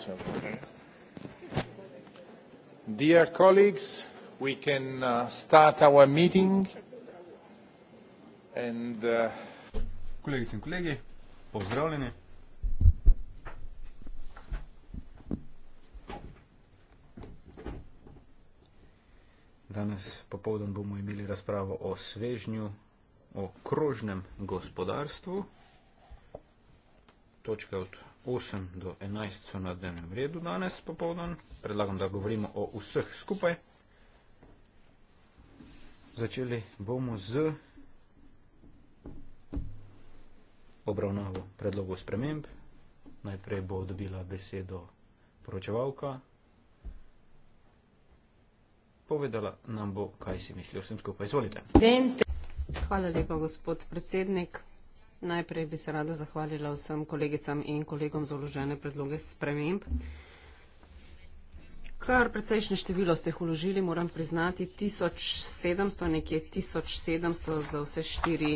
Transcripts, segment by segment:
So, dear colleagues, we can uh, start our meeting. And, uh, kolegice in kolegi, pozdravljeni. Danes popovdan bomo imeli razpravo o svežnju o krožnem gospodarstvu. Točke od 8 do 11 so na dnevnem redu danes popovdan. Predlagam, da govorimo o vseh skupaj. Začeli bomo z obravnavo predlogov sprememb. Najprej bo dobila besedo poročevalka. Povedala nam bo, kaj si misli o vsem skupaj. Izvolite. Vente. Hvala lepa, gospod predsednik. Najprej bi se rada zahvalila vsem kolegicam in kolegom za vložene predloge sprememb. Kar precejšnje število ste jih vložili, moram priznati, tisoč sedemsto, nekje tisoč sedemsto za vse štiri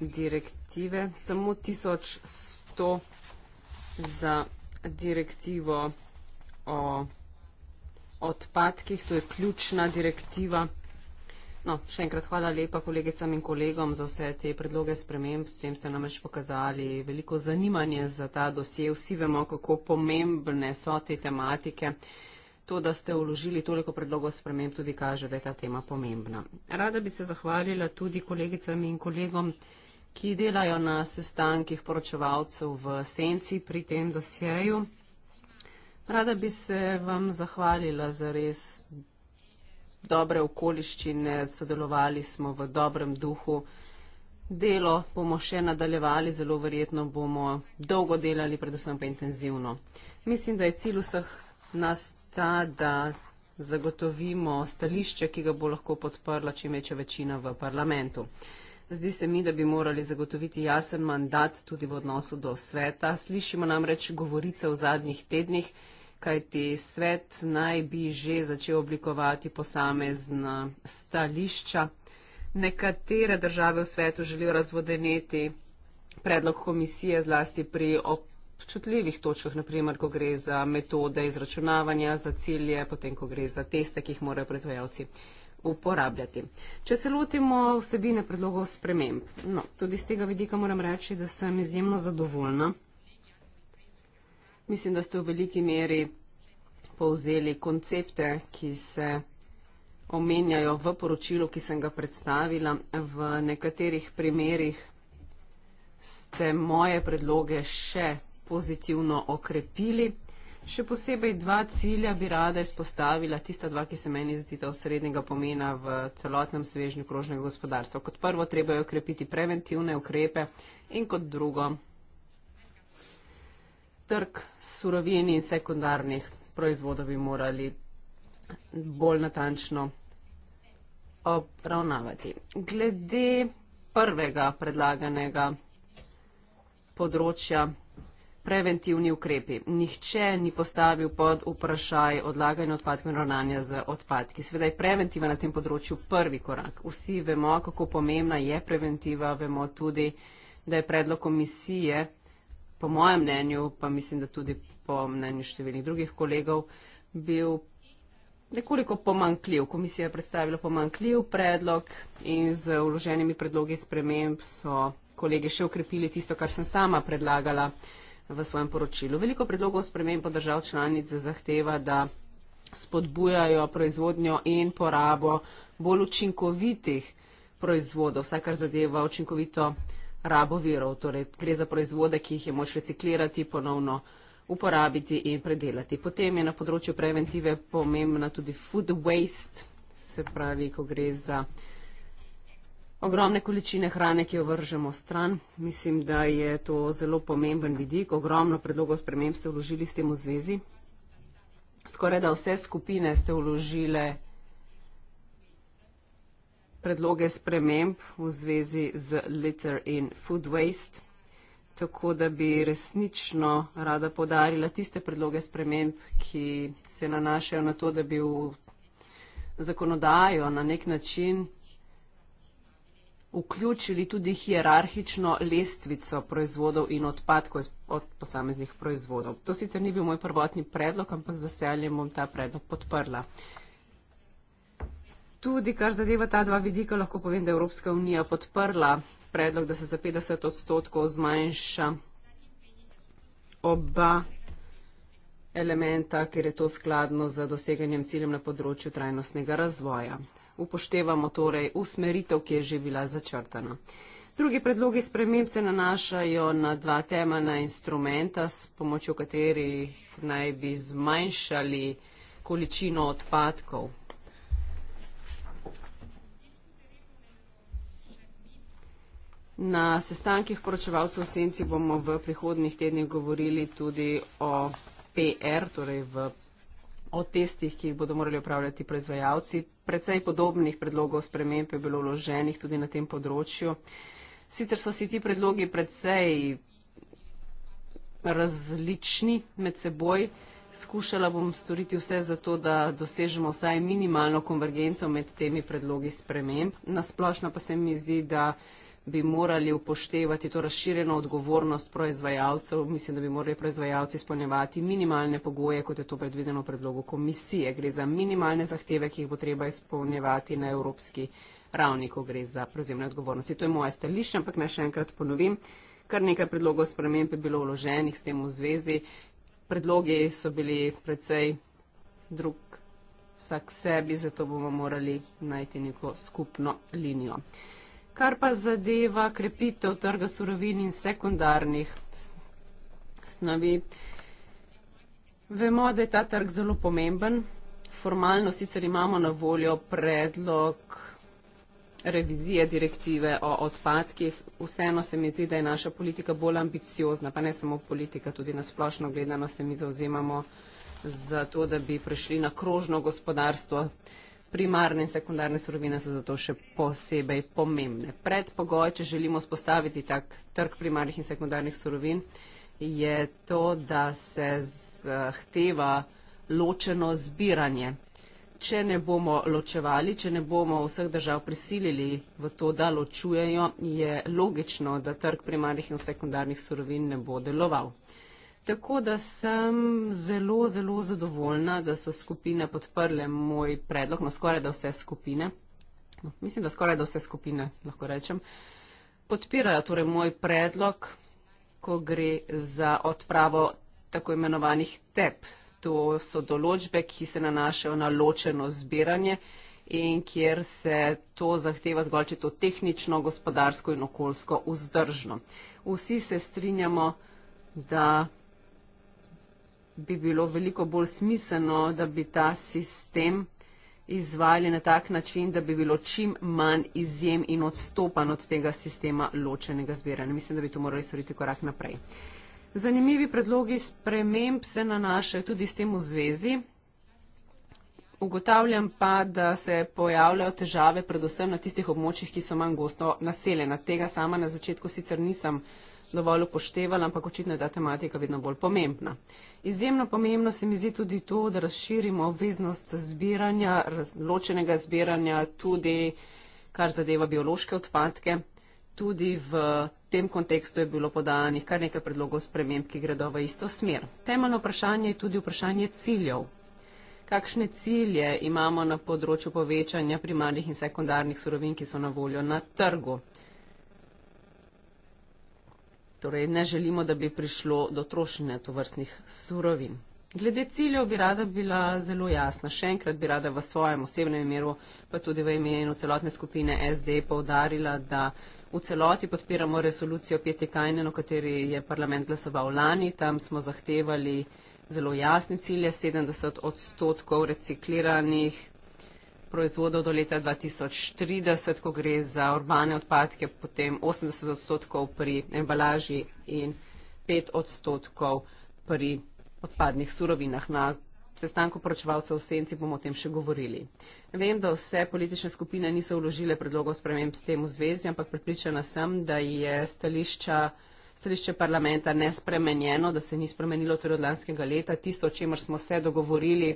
direktive, samo tisoč sto za direktivo o odpadkih, to je ključna direktiva. No, še enkrat hvala lepa kolegicam in kolegom za vse te predloge sprememb. S tem ste namreč pokazali veliko zanimanje za ta dosje. Vsi vemo, kako pomembne so te tematike. To, da ste vložili toliko predlogov sprememb, tudi kaže, da je ta tema pomembna. Rada bi se zahvalila tudi kolegicam in kolegom, ki delajo na sestankih poročevalcev v senci pri tem dosjeju. Rada bi se vam zahvalila za res dobre okoliščine, sodelovali smo v dobrem duhu. Delo bomo še nadaljevali, zelo verjetno bomo dolgo delali, predvsem pa intenzivno. Mislim, da je cilj vseh nas ta, da zagotovimo stališče, ki ga bo lahko podprla čim večja večina v parlamentu. Zdi se mi, da bi morali zagotoviti jasen mandat tudi v odnosu do sveta. Slišimo namreč govorice v zadnjih tednih, kajti svet naj bi že začel oblikovati posamezna stališča. Nekatere države v svetu želijo razvodeneti predlog komisije zlasti pri občutljivih točkah, naprimer, ko gre za metode izračunavanja, za cilje, potem, ko gre za teste, ki jih morajo proizvajalci uporabljati. Če se lotimo vsebine predlogov sprememb, no, tudi z tega vidika moram reči, da sem izjemno zadovoljna. Mislim, da ste v veliki meri povzeli koncepte, ki se omenjajo v poročilu, ki sem ga predstavila. V nekaterih primerjih ste moje predloge še pozitivno okrepili. Še posebej dva cilja bi rada izpostavila, tista dva, ki se meni zdita osrednjega pomena v celotnem svežnju krožnega gospodarstva. Kot prvo, treba je okrepiti preventivne ukrepe in kot drugo, trg surovin in sekundarnih proizvodov bi morali bolj natančno obravnavati. Glede prvega predlaganega področja preventivni ukrepi. Nihče ni postavil pod vprašaj odlaganja odpadkov in ravnanja z odpadki. Sveda je preventiva na tem področju prvi korak. Vsi vemo, kako pomembna je preventiva, vemo tudi, da je predlog komisije po mojem mnenju, pa mislim, da tudi po mnenju številnih drugih kolegov, bil nekoliko pomankljiv. Komisija je predstavila pomankljiv predlog in z uloženimi predlogi sprememb so kolegi še ukrepili tisto, kar sem sama predlagala v svojem poročilu. Veliko predlogov sprememb po držav članic zahteva, da spodbujajo proizvodnjo in porabo bolj učinkovitih proizvodov, vsaj kar zadeva učinkovito proizvodnjo rabo virov. Torej, gre za proizvode, ki jih je moč reciklirati, ponovno uporabiti in predelati. Potem je na področju preventive pomembna tudi food waste, se pravi, ko gre za ogromne količine hrane, ki jo vržemo stran. Mislim, da je to zelo pomemben vidik. Ogromno predlogov sprememb ste vložili s tem v zvezi. Skoraj da vse skupine ste vložile predloge sprememb v zvezi z litter in food waste, tako da bi resnično rada podarila tiste predloge sprememb, ki se nanašajo na to, da bi v zakonodajo na nek način vključili tudi hierarhično lestvico proizvodov in odpadkov od posameznih proizvodov. To sicer ni bil moj prvotni predlog, ampak z veseljem bom ta predlog podprla. Tudi kar zadeva ta dva vidika, lahko povem, da je Evropska unija podprla predlog, da se za 50 odstotkov zmanjša oba elementa, ker je to skladno z doseganjem ciljem na področju trajnostnega razvoja. Upoštevamo torej usmeritev, ki je že bila začrtana. Drugi predlogi sprememb se nanašajo na dva temeljna instrumenta, s pomočjo katerih naj bi zmanjšali količino odpadkov. Na sestankih poročevalcev v Senci bomo v prihodnih tednih govorili tudi o PR, torej v, o testih, ki jih bodo morali upravljati proizvajalci. Predvsej podobnih predlogov sprememb je bilo vloženih tudi na tem področju. Sicer so si ti predlogi predvsej različni med seboj. Skušala bom storiti vse za to, da dosežemo vsaj minimalno konvergenco med temi predlogi sprememb. Nasplošno pa se mi zdi, da bi morali upoštevati to razširjeno odgovornost proizvajalcev. Mislim, da bi morali proizvajalci izpolnjevati minimalne pogoje, kot je to predvideno v predlogu komisije. Gre za minimalne zahteve, ki jih bo treba izpolnjevati na evropski ravni, ko gre za prevzemne odgovornosti. To je moje stališče, ampak naj še enkrat ponovim. Kar nekaj predlogov sprememb je bilo vloženih s tem v zvezi. Predlogi so bili predvsej drug vsak sebi, zato bomo morali najti neko skupno linijo. Kar pa zadeva krepitev trga surovin in sekundarnih snovi, vemo, da je ta trg zelo pomemben. Formalno sicer imamo na voljo predlog revizije direktive o odpadkih, vseeno se mi zdi, da je naša politika bolj ambiciozna, pa ne samo politika, tudi nasplošno gledano se mi zauzemamo za to, da bi prešli na krožno gospodarstvo. Primarne in sekundarne surovine so zato še posebej pomembne. Predpogoj, če želimo spostaviti tak trg primarnih in sekundarnih surovin, je to, da se zahteva ločeno zbiranje. Če ne bomo ločevali, če ne bomo vseh držav prisilili v to, da ločujejo, je logično, da trg primarnih in sekundarnih surovin ne bo deloval. Tako da sem zelo, zelo zadovoljna, da so skupine podprle moj predlog, no skoraj da vse skupine. No, mislim, da skoraj da vse skupine, lahko rečem, podpirajo torej moj predlog, ko gre za odpravo tako imenovanih TEP. To so določbe, ki se nanašajo na ločeno zbiranje in kjer se to zahteva zgolj, če to tehnično, gospodarsko in okoljsko vzdržno. Vsi se strinjamo, da bi bilo veliko bolj smiselno, da bi ta sistem izvajali na tak način, da bi bilo čim manj izjem in odstopan od tega sistema ločenega zbiranja. Mislim, da bi to morali storiti korak naprej. Zanimivi predlogi sprememb se nanašajo tudi s tem v zvezi. Ugotavljam pa, da se pojavljajo težave predvsem na tistih območjih, ki so manj gosto naseljena. Tega sama na začetku sicer nisem dovolj upoštevala, ampak očitno je ta tematika vedno bolj pomembna. Izjemno pomembno se mi zdi tudi to, da razširimo obveznost zbiranja, ločenega zbiranja, tudi kar zadeva biološke odpadke. Tudi v tem kontekstu je bilo podanih kar nekaj predlogov sprememb, ki gredo v isto smer. Temeljno vprašanje je tudi vprašanje ciljev. Kakšne cilje imamo na področju povečanja primarnih in sekundarnih surovin, ki so na voljo na trgu? Torej, ne želimo, da bi prišlo do trošenja tovrstnih surovin. Glede ciljev bi rada bila zelo jasna. Še enkrat bi rada v svojem osebnem imenu, pa tudi v imenu celotne skupine SD, povdarila, da v celoti podpiramo resolucijo Peti Kajnen, o kateri je parlament glasoval lani. Tam smo zahtevali zelo jasne cilje, 70 odstotkov recikliranih proizvodov do leta 2030, ko gre za urbane odpadke, potem 80 odstotkov pri embalaži in 5 odstotkov pri odpadnih surovinah. Na sestanku poročevalcev v Senci bomo o tem še govorili. Vem, da vse politične skupine niso vložile predlogov sprememb s tem v zvezi, ampak pripričana sem, da je stališča. Stališče parlamenta ne spremenjeno, da se ni spremenilo torej od lanskega leta. Tisto, o čemer smo se dogovorili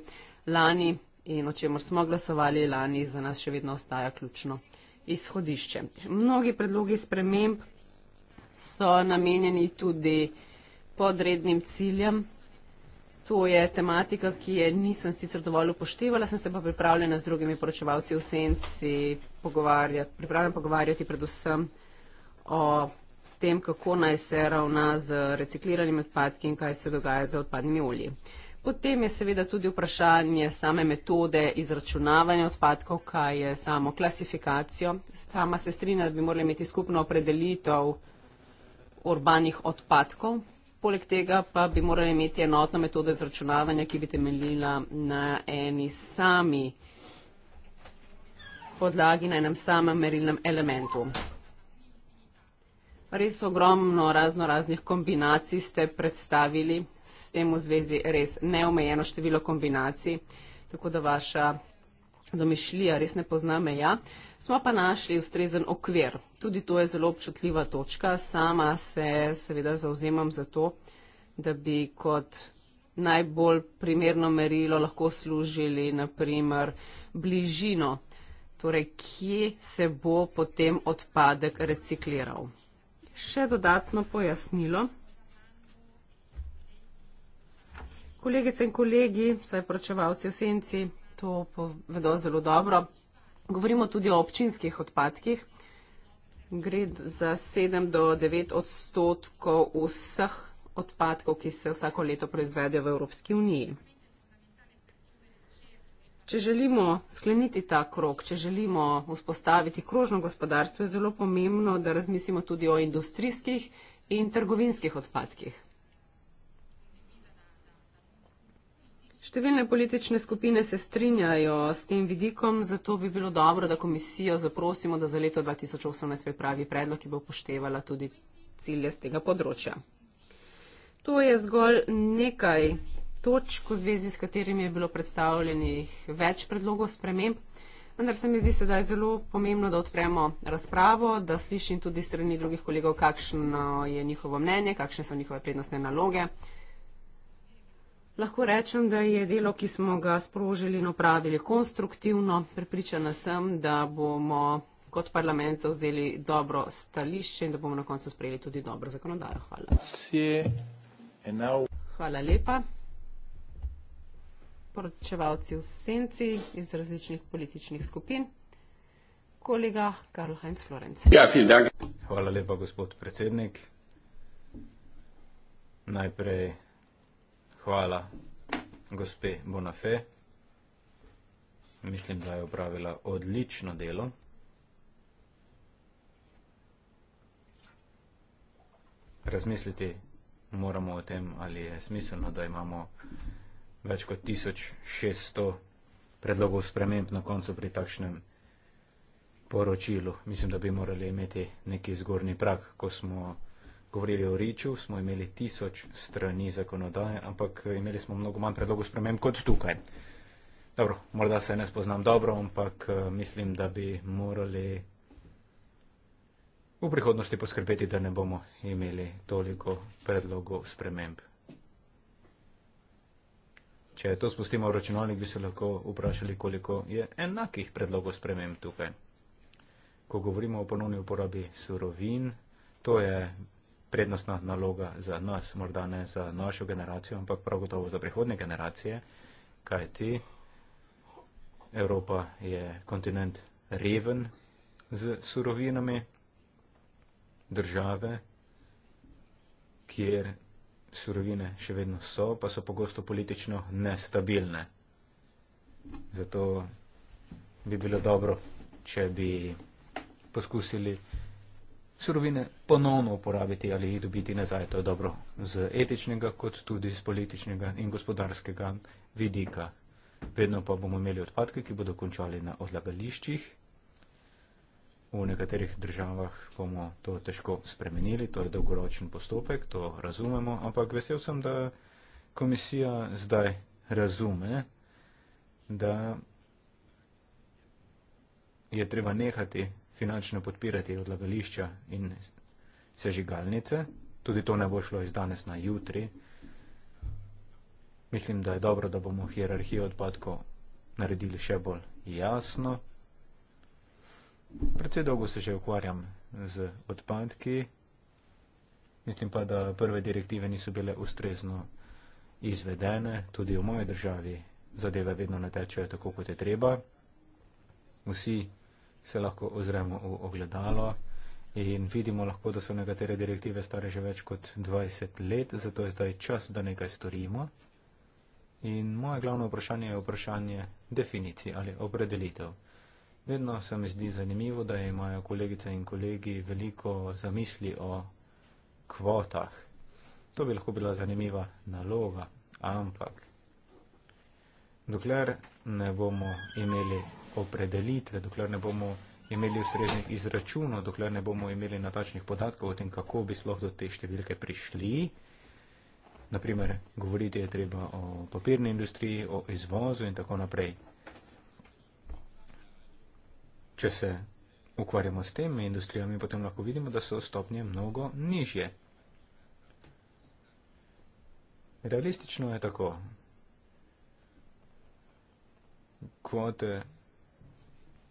lani in o čemer smo glasovali lani, za nas še vedno ostaja ključno izhodišče. Mnogi predlogi sprememb so namenjeni tudi podrednim ciljem. To je tematika, ki je nisem sicer dovolj upoštevala, sem se pa pripravljena z drugimi poročevalci v senci pogovarjati, pripravljena pogovarjati predvsem o tem, kako naj se ravna z recikliranimi odpadki in kaj se dogaja z odpadnimi olji. Potem je seveda tudi vprašanje same metode izračunavanja odpadkov, kaj je samo klasifikacijo. Sama se strinja, da bi morali imeti skupno opredelitev urbanih odpadkov. Poleg tega pa bi morali imeti enotno metodo izračunavanja, ki bi temeljila na eni sami podlagi, na enem samem merilnem elementu. Res ogromno razno raznih kombinacij ste predstavili, s tem v zvezi res neomejeno število kombinacij, tako da vaša domišljija res ne pozna meja. Smo pa našli ustrezen okvir. Tudi to je zelo občutljiva točka. Sama se seveda zauzemam za to, da bi kot najbolj primerno merilo lahko služili naprimer bližino, torej kje se bo potem odpadek recikliral še dodatno pojasnilo. Kolegice in kolegi, saj poročevalci v senci to povedo zelo dobro, govorimo tudi o občinskih odpadkih. Gre za 7 do 9 odstotkov vseh odpadkov, ki se vsako leto proizvedejo v Evropski uniji. Če želimo skleniti ta krok, če želimo vzpostaviti krožno gospodarstvo, je zelo pomembno, da razmislimo tudi o industrijskih in trgovinskih odpadkih. Številne politične skupine se strinjajo s tem vidikom, zato bi bilo dobro, da komisijo zaprosimo, da za leto 2018 pripravi predlog, ki bo poštevala tudi cilje z tega področja. To je zgolj nekaj točk, v zvezi s katerimi je bilo predstavljenih več predlogov sprememb. Vendar se mi zdi sedaj zelo pomembno, da odpremo razpravo, da slišim tudi strani drugih kolegov, kakšno je njihovo mnenje, kakšne so njihove prednostne naloge. Lahko rečem, da je delo, ki smo ga sprožili in opravili, konstruktivno. Pripričana sem, da bomo kot parlament zauzeli dobro stališče in da bomo na koncu sprejeli tudi dobro zakonodajo. Hvala. E Hvala lepa poročevalci v senci iz različnih političnih skupin. Kolega Karl-Heinz Florenc. Ja, vielen Dank. Hvala lepa, gospod predsednik. Najprej hvala gospe Bonafé. Mislim, da je opravila odlično delo. Razmisliti moramo o tem, ali je smiselno, da imamo več kot 1600 predlogov sprememb na koncu pri takšnem poročilu. Mislim, da bi morali imeti neki zgornji prak. Ko smo govorili o Riču, smo imeli tisoč strani zakonodaje, ampak imeli smo mnogo manj predlogov sprememb kot tukaj. Dobro, morda se ne spoznam dobro, ampak eh, mislim, da bi morali v prihodnosti poskrbeti, da ne bomo imeli toliko predlogov sprememb. Če to spustimo v računalnik, bi se lahko vprašali, koliko je enakih predlogov sprememb tukaj. Ko govorimo o ponovni uporabi surovin, to je prednostna naloga za nas, morda ne za našo generacijo, ampak prav gotovo za prihodne generacije, kaj ti. Evropa je kontinent reven z surovinami, države, kjer surovine še vedno so, pa so pogosto politično nestabilne. Zato bi bilo dobro, če bi poskusili surovine ponovno uporabiti ali jih dobiti nazaj. To je dobro z etičnega, kot tudi z političnega in gospodarskega vidika. Vedno pa bomo imeli odpadke, ki bodo končali na odlagališčih. V nekaterih državah bomo to težko spremenili, to je dolgoročen postopek, to razumemo, ampak vesel sem, da komisija zdaj razume, da je treba nehati finančno podpirati odlagališča in sežigalnice. Tudi to ne bo šlo iz danes na jutri. Mislim, da je dobro, da bomo hierarhijo odpadkov naredili še bolj jasno. Predvsej dolgo se že ukvarjam z odpadki. Mislim pa, da prve direktive niso bile ustrezno izvedene. Tudi v moji državi zadeve vedno ne tečejo tako, kot je treba. Vsi se lahko ozremo v ogledalo in vidimo lahko, da so nekatere direktive stare že več kot 20 let, zato je zdaj čas, da nekaj storimo. In moje glavno vprašanje je vprašanje definicij ali opredelitev. Vedno se mi zdi zanimivo, da imajo kolegice in kolegi veliko zamisli o kvotah. To bi lahko bila zanimiva naloga, ampak dokler ne bomo imeli opredelitve, dokler ne bomo imeli ustreznih izračunov, dokler ne bomo imeli natačnih podatkov o tem, kako bi sploh do te številke prišli, naprimer govoriti je treba o papirni industriji, o izvozu in tako naprej. Če se ukvarjamo s temi industrijami, potem lahko vidimo, da so stopnje mnogo nižje. Realistično je tako. Kvote,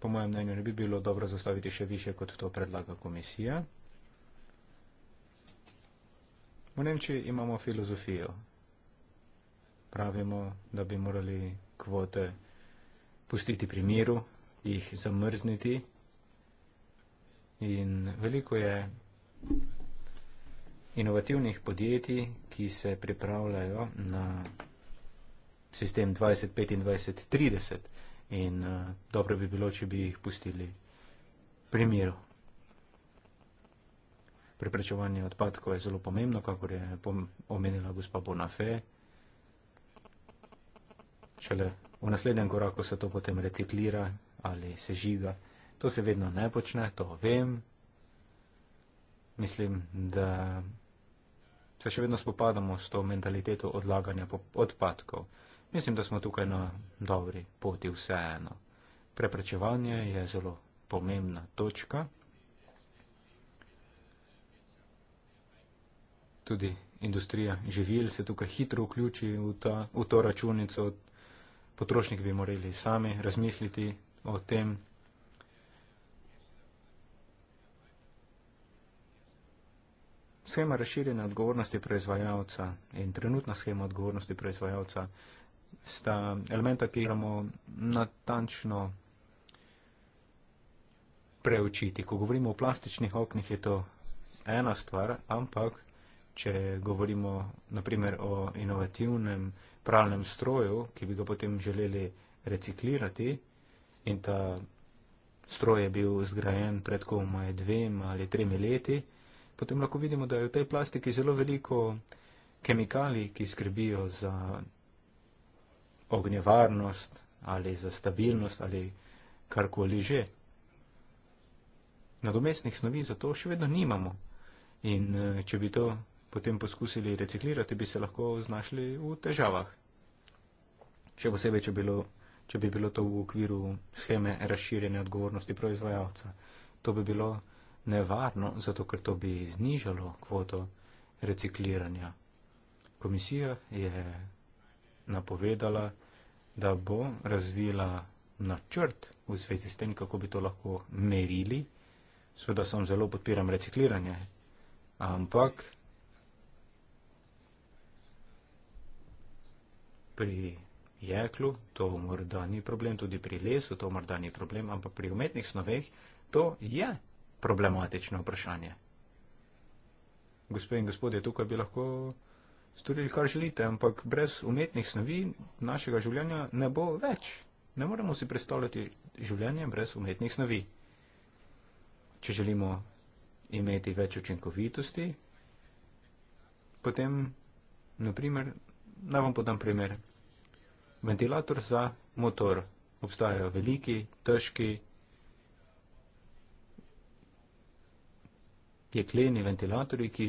po mojem mnenju, ne bi bilo dobro zastaviti še više, kot to predlaga komisija. V Nemčiji imamo filozofijo. Pravimo, da bi morali kvote pustiti pri miru, jih zamrzniti. In veliko je inovativnih podjetij, ki se pripravljajo na sistem 2025-2030 in uh, dobro bi bilo, če bi jih pustili pri miru. Preprečevanje odpadkov je zelo pomembno, kako je omenila gospa Bonafé. Šele v naslednjem koraku se to potem reciklira ali sežiga. To se vedno ne počne, to vem. Mislim, da se še vedno spopadamo s to mentaliteto odlaganja odpadkov. Mislim, da smo tukaj na dobri poti vseeno. Preprečevanje je zelo pomembna točka. Tudi industrija živil se tukaj hitro vključi v, ta, v to računico. Potrošniki bi morali sami razmisliti, o tem, Schema razširjene odgovornosti proizvajalca in trenutna schema odgovornosti proizvajalca sta elementa, ki moramo natančno preučiti. Ko govorimo o plastičnih oknih, je to ena stvar, ampak če govorimo naprimer o inovativnem pralnem stroju, ki bi ga potem želeli reciklirati, in ta stroj je bil zgrajen pred komaj dvema ali tremi leti, potem lahko vidimo, da je v tej plastiki zelo veliko kemikalij, ki skrbijo za ognjevarnost ali za stabilnost ali karkoli že. Nadomestnih snovi za to še vedno nimamo. In eh, če bi to potem poskusili reciklirati, bi se lahko znašli v težavah. Še posebej, če bi bilo če bi bilo to v okviru scheme razširjene odgovornosti proizvajalca. To bi bilo nevarno, zato ker to bi znižalo kvoto recikliranja. Komisija je napovedala, da bo razvila načrt v zvezi s tem, kako bi to lahko merili. Sveda sem zelo podpiram recikliranje, ampak pri jeklu, to morda ni problem, tudi pri lesu to morda ni problem, ampak pri umetnih snoveh to je problematično vprašanje. Gospe in gospodje, tukaj bi lahko storili, kar želite, ampak brez umetnih snovi našega življenja ne bo več. Ne moremo si predstavljati življenje brez umetnih snovi. Če želimo imeti več učinkovitosti, potem, naprimer, naj vam podam primer, ventilator za motor. Obstajajo veliki, težki, jekleni ventilatorji, ki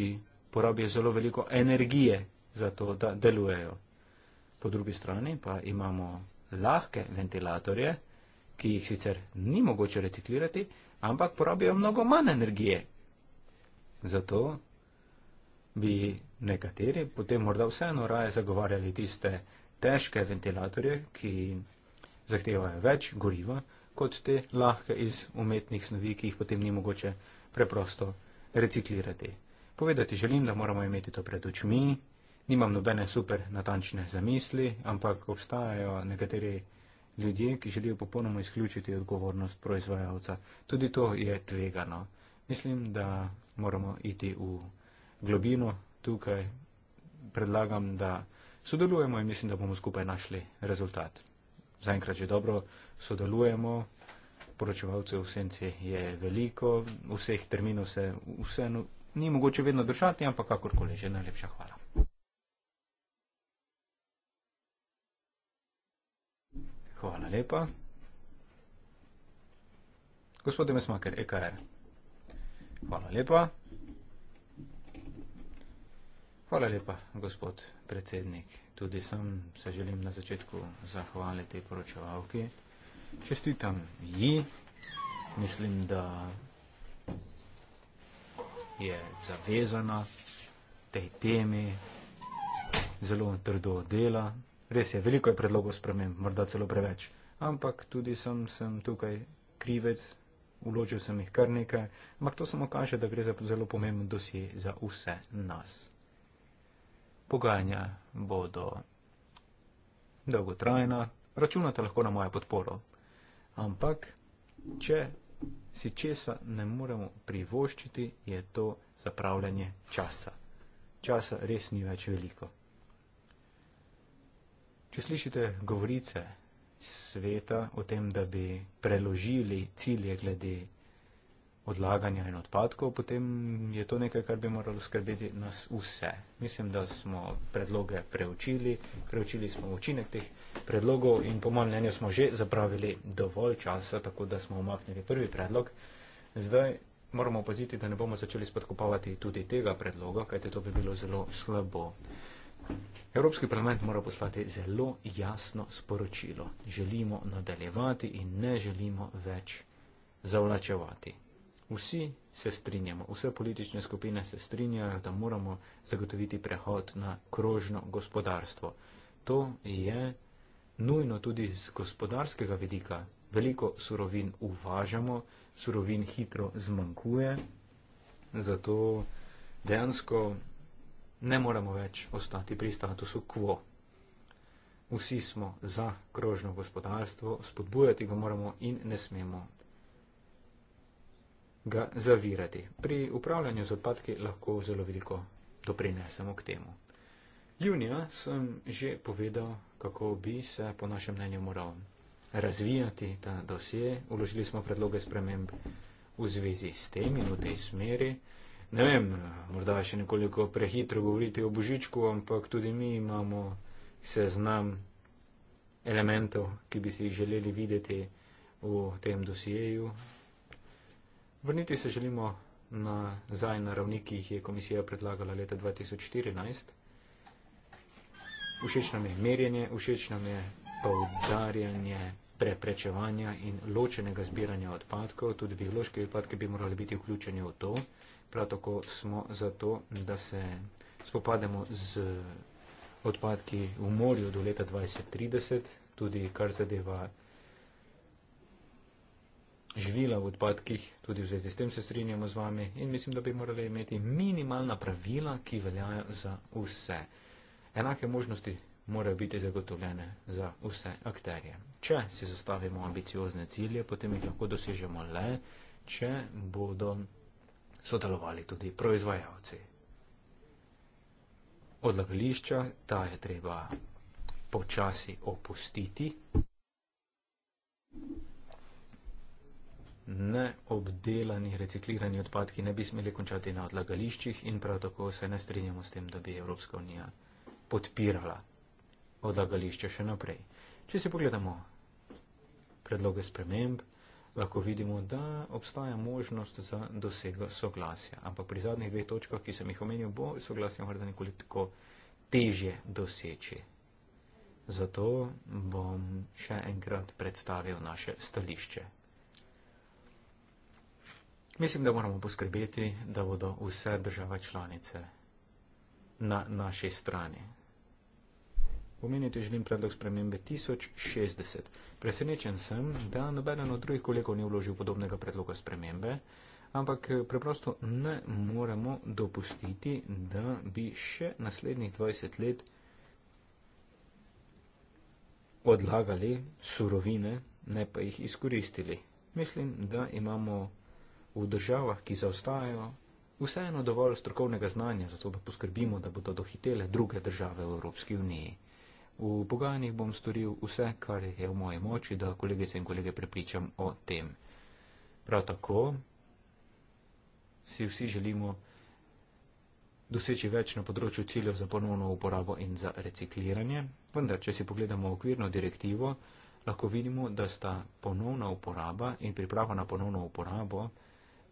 porabijo zelo veliko energije za to, da delujejo. Po drugi strani pa imamo lahke ventilatorje, ki jih sicer ni mogoče reciklirati, ampak porabijo mnogo manj energije. Zato bi nekateri potem morda vseeno raje zagovarjali tiste težke ventilatorje, ki zahtevajo več goriva, kot te lahke iz umetnih snovi, ki jih potem ni mogoče preprosto reciklirati. Povedati želim, da moramo imeti to pred očmi, nimam nobene super natančne zamisli, ampak obstajajo nekateri ljudje, ki želijo popolnoma izključiti odgovornost proizvajalca. Tudi to je tvegano. Mislim, da moramo iti v globino tukaj. Predlagam, da sodelujemo in mislim, da bomo skupaj našli rezultat. Zaenkrat že dobro sodelujemo, poročevalcev v senci je veliko, vseh terminov se vseeno ni mogoče vedno držati, ampak kakorkoli že najlepša hvala. Hvala lepa. Gospod Demesmaker, EKR. Hvala lepa. Hvala lepa, gospod predsednik. Tudi sem se želim na začetku zahvaliti poročevalki. Čestitam ji. Mislim, da je zavezana tej temi, zelo trdo dela. Res je, veliko je predlogov sprememb, morda celo preveč. Ampak tudi sem, sem tukaj krivec, uložil sem jih kar nekaj, ampak to samo kaže, da gre za zelo pomemben dosje za vse nas. Pogajanja bodo dolgotrajna, računate lahko na mojo podporo. Ampak, če si česa ne moremo privoščiti, je to zapravljanje časa. Časa res ni več veliko. Če slišite govorice sveta o tem, da bi preložili cilje glede odlaganja in odpadkov, potem je to nekaj, kar bi moralo skrbeti nas vse. Mislim, da smo predloge preučili, preučili smo učinek teh predlogov in po mojem mnenju smo že zapravili dovolj časa, tako da smo umaknili prvi predlog. Zdaj moramo opaziti, da ne bomo začeli spodkopavati tudi tega predloga, kajte to bi bilo zelo slabo. Evropski parlament mora poslati zelo jasno sporočilo. Želimo nadaljevati in ne želimo več zavlačevati. Vsi se strinjamo, vse politične skupine se strinjajo, da moramo zagotoviti prehod na krožno gospodarstvo. To je nujno tudi z gospodarskega vidika. Veliko surovin uvažamo, surovin hitro zmanjkuje, zato dejansko ne moramo več ostati pri statusu quo. Vsi smo za krožno gospodarstvo, spodbujati ga moramo in ne smemo ga zavirati. Pri upravljanju z odpadki lahko zelo veliko doprinesemo k temu. Junija sem že povedal, kako bi se po našem mnenju moral razvijati ta dosje. Uložili smo predloge sprememb v zvezi s tem in v tej smeri. Ne vem, morda še nekoliko prehitro govoriti o božičku, ampak tudi mi imamo seznam elementov, ki bi si želeli videti v tem dosjeju. Vrniti se želimo nazaj na ravni, ki jih je komisija predlagala leta 2014. Všeč nam je merjenje, všeč nam je poudarjanje preprečevanja in ločenega zbiranja odpadkov, tudi biološki odpadki bi morali biti vključeni v to. Prav tako smo za to, da se spopademo z odpadki v morju do leta 2030, tudi kar zadeva živila v odpadkih, tudi v zvezi s tem se strinjamo z vami in mislim, da bi morali imeti minimalna pravila, ki veljajo za vse. Enake možnosti morajo biti zagotovljene za vse akterje. Če si zastavimo ambiciozne cilje, potem jih lahko dosežemo le, če bodo sodelovali tudi proizvajalci. Odlagališča, ta je treba počasi opustiti neobdelani reciklirani odpadki ne bi smeli končati na odlagališčih in prav tako se ne strinjamo s tem, da bi Evropska unija podpirala odlagališče še naprej. Če si pogledamo predloge sprememb, lahko vidimo, da obstaja možnost za dosego soglasja. Ampak pri zadnjih dveh točkah, ki sem jih omenil, bo soglasje morda nekoliko težje doseči. Zato bom še enkrat predstavil naše stališče. Mislim, da moramo poskrbeti, da bodo vse države članice na naši strani. Omeniti želim predlog spremembe 1060. Presenečen sem, da nobeden od drugih kolegov ni vložil podobnega predloga spremembe, ampak preprosto ne moremo dopustiti, da bi še naslednjih 20 let odlagali surovine, ne pa jih izkoristili. Mislim, da imamo v državah, ki zaostajajo, vseeno dovolj strokovnega znanja, zato da poskrbimo, da bodo dohitele druge države v Evropski uniji. V pogajanjih bom storil vse, kar je v moje moči, da kolegice in kolege prepričam o tem. Prav tako si vsi želimo doseči več na področju ciljev za ponovno uporabo in za recikliranje, vendar, če si pogledamo okvirno direktivo, lahko vidimo, da sta ponovna uporaba in priprava na ponovno uporabo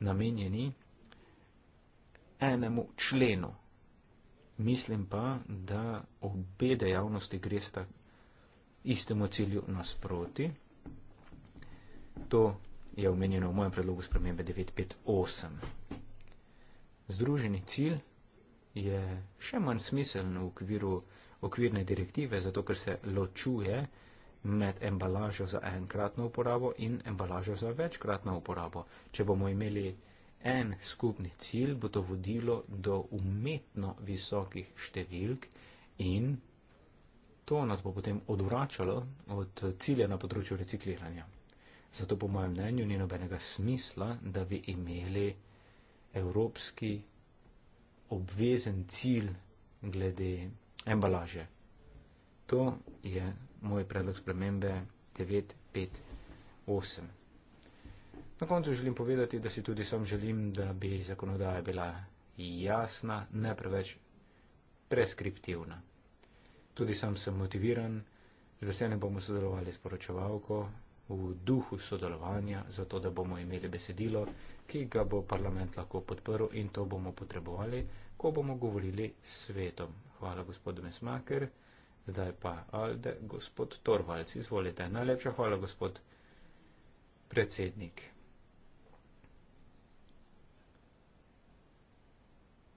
namenjeni enemu členu. Mislim pa, da obe dejavnosti gresta istemu cilju nasproti. To je omenjeno v mojem predlogu spremembe 958. Združeni cilj je še manj smiseln v okviru okvirne direktive, zato ker se ločuje med embalažo za enkratno uporabo in embalažo za večkratno uporabo. Če bomo imeli en skupni cilj, bo to vodilo do umetno visokih številk in to nas bo potem odvračalo od cilja na področju recikliranja. Zato po mojem mnenju ni nobenega smisla, da bi imeli evropski obvezen cilj glede embalaže. To je moj predlog spremembe 958. Na koncu želim povedati, da si tudi sam želim, da bi zakonodaja bila jasna, ne preveč preskriptivna. Tudi sam sem motiviran, z veseljem bomo sodelovali s poročevalko v duhu sodelovanja, zato da bomo imeli besedilo, ki ga bo parlament lahko podprl in to bomo potrebovali, ko bomo govorili s svetom. Hvala gospodu Mesmaker. Zdaj pa Alde, gospod Torvalc, izvolite. Najlepša hvala, gospod predsednik.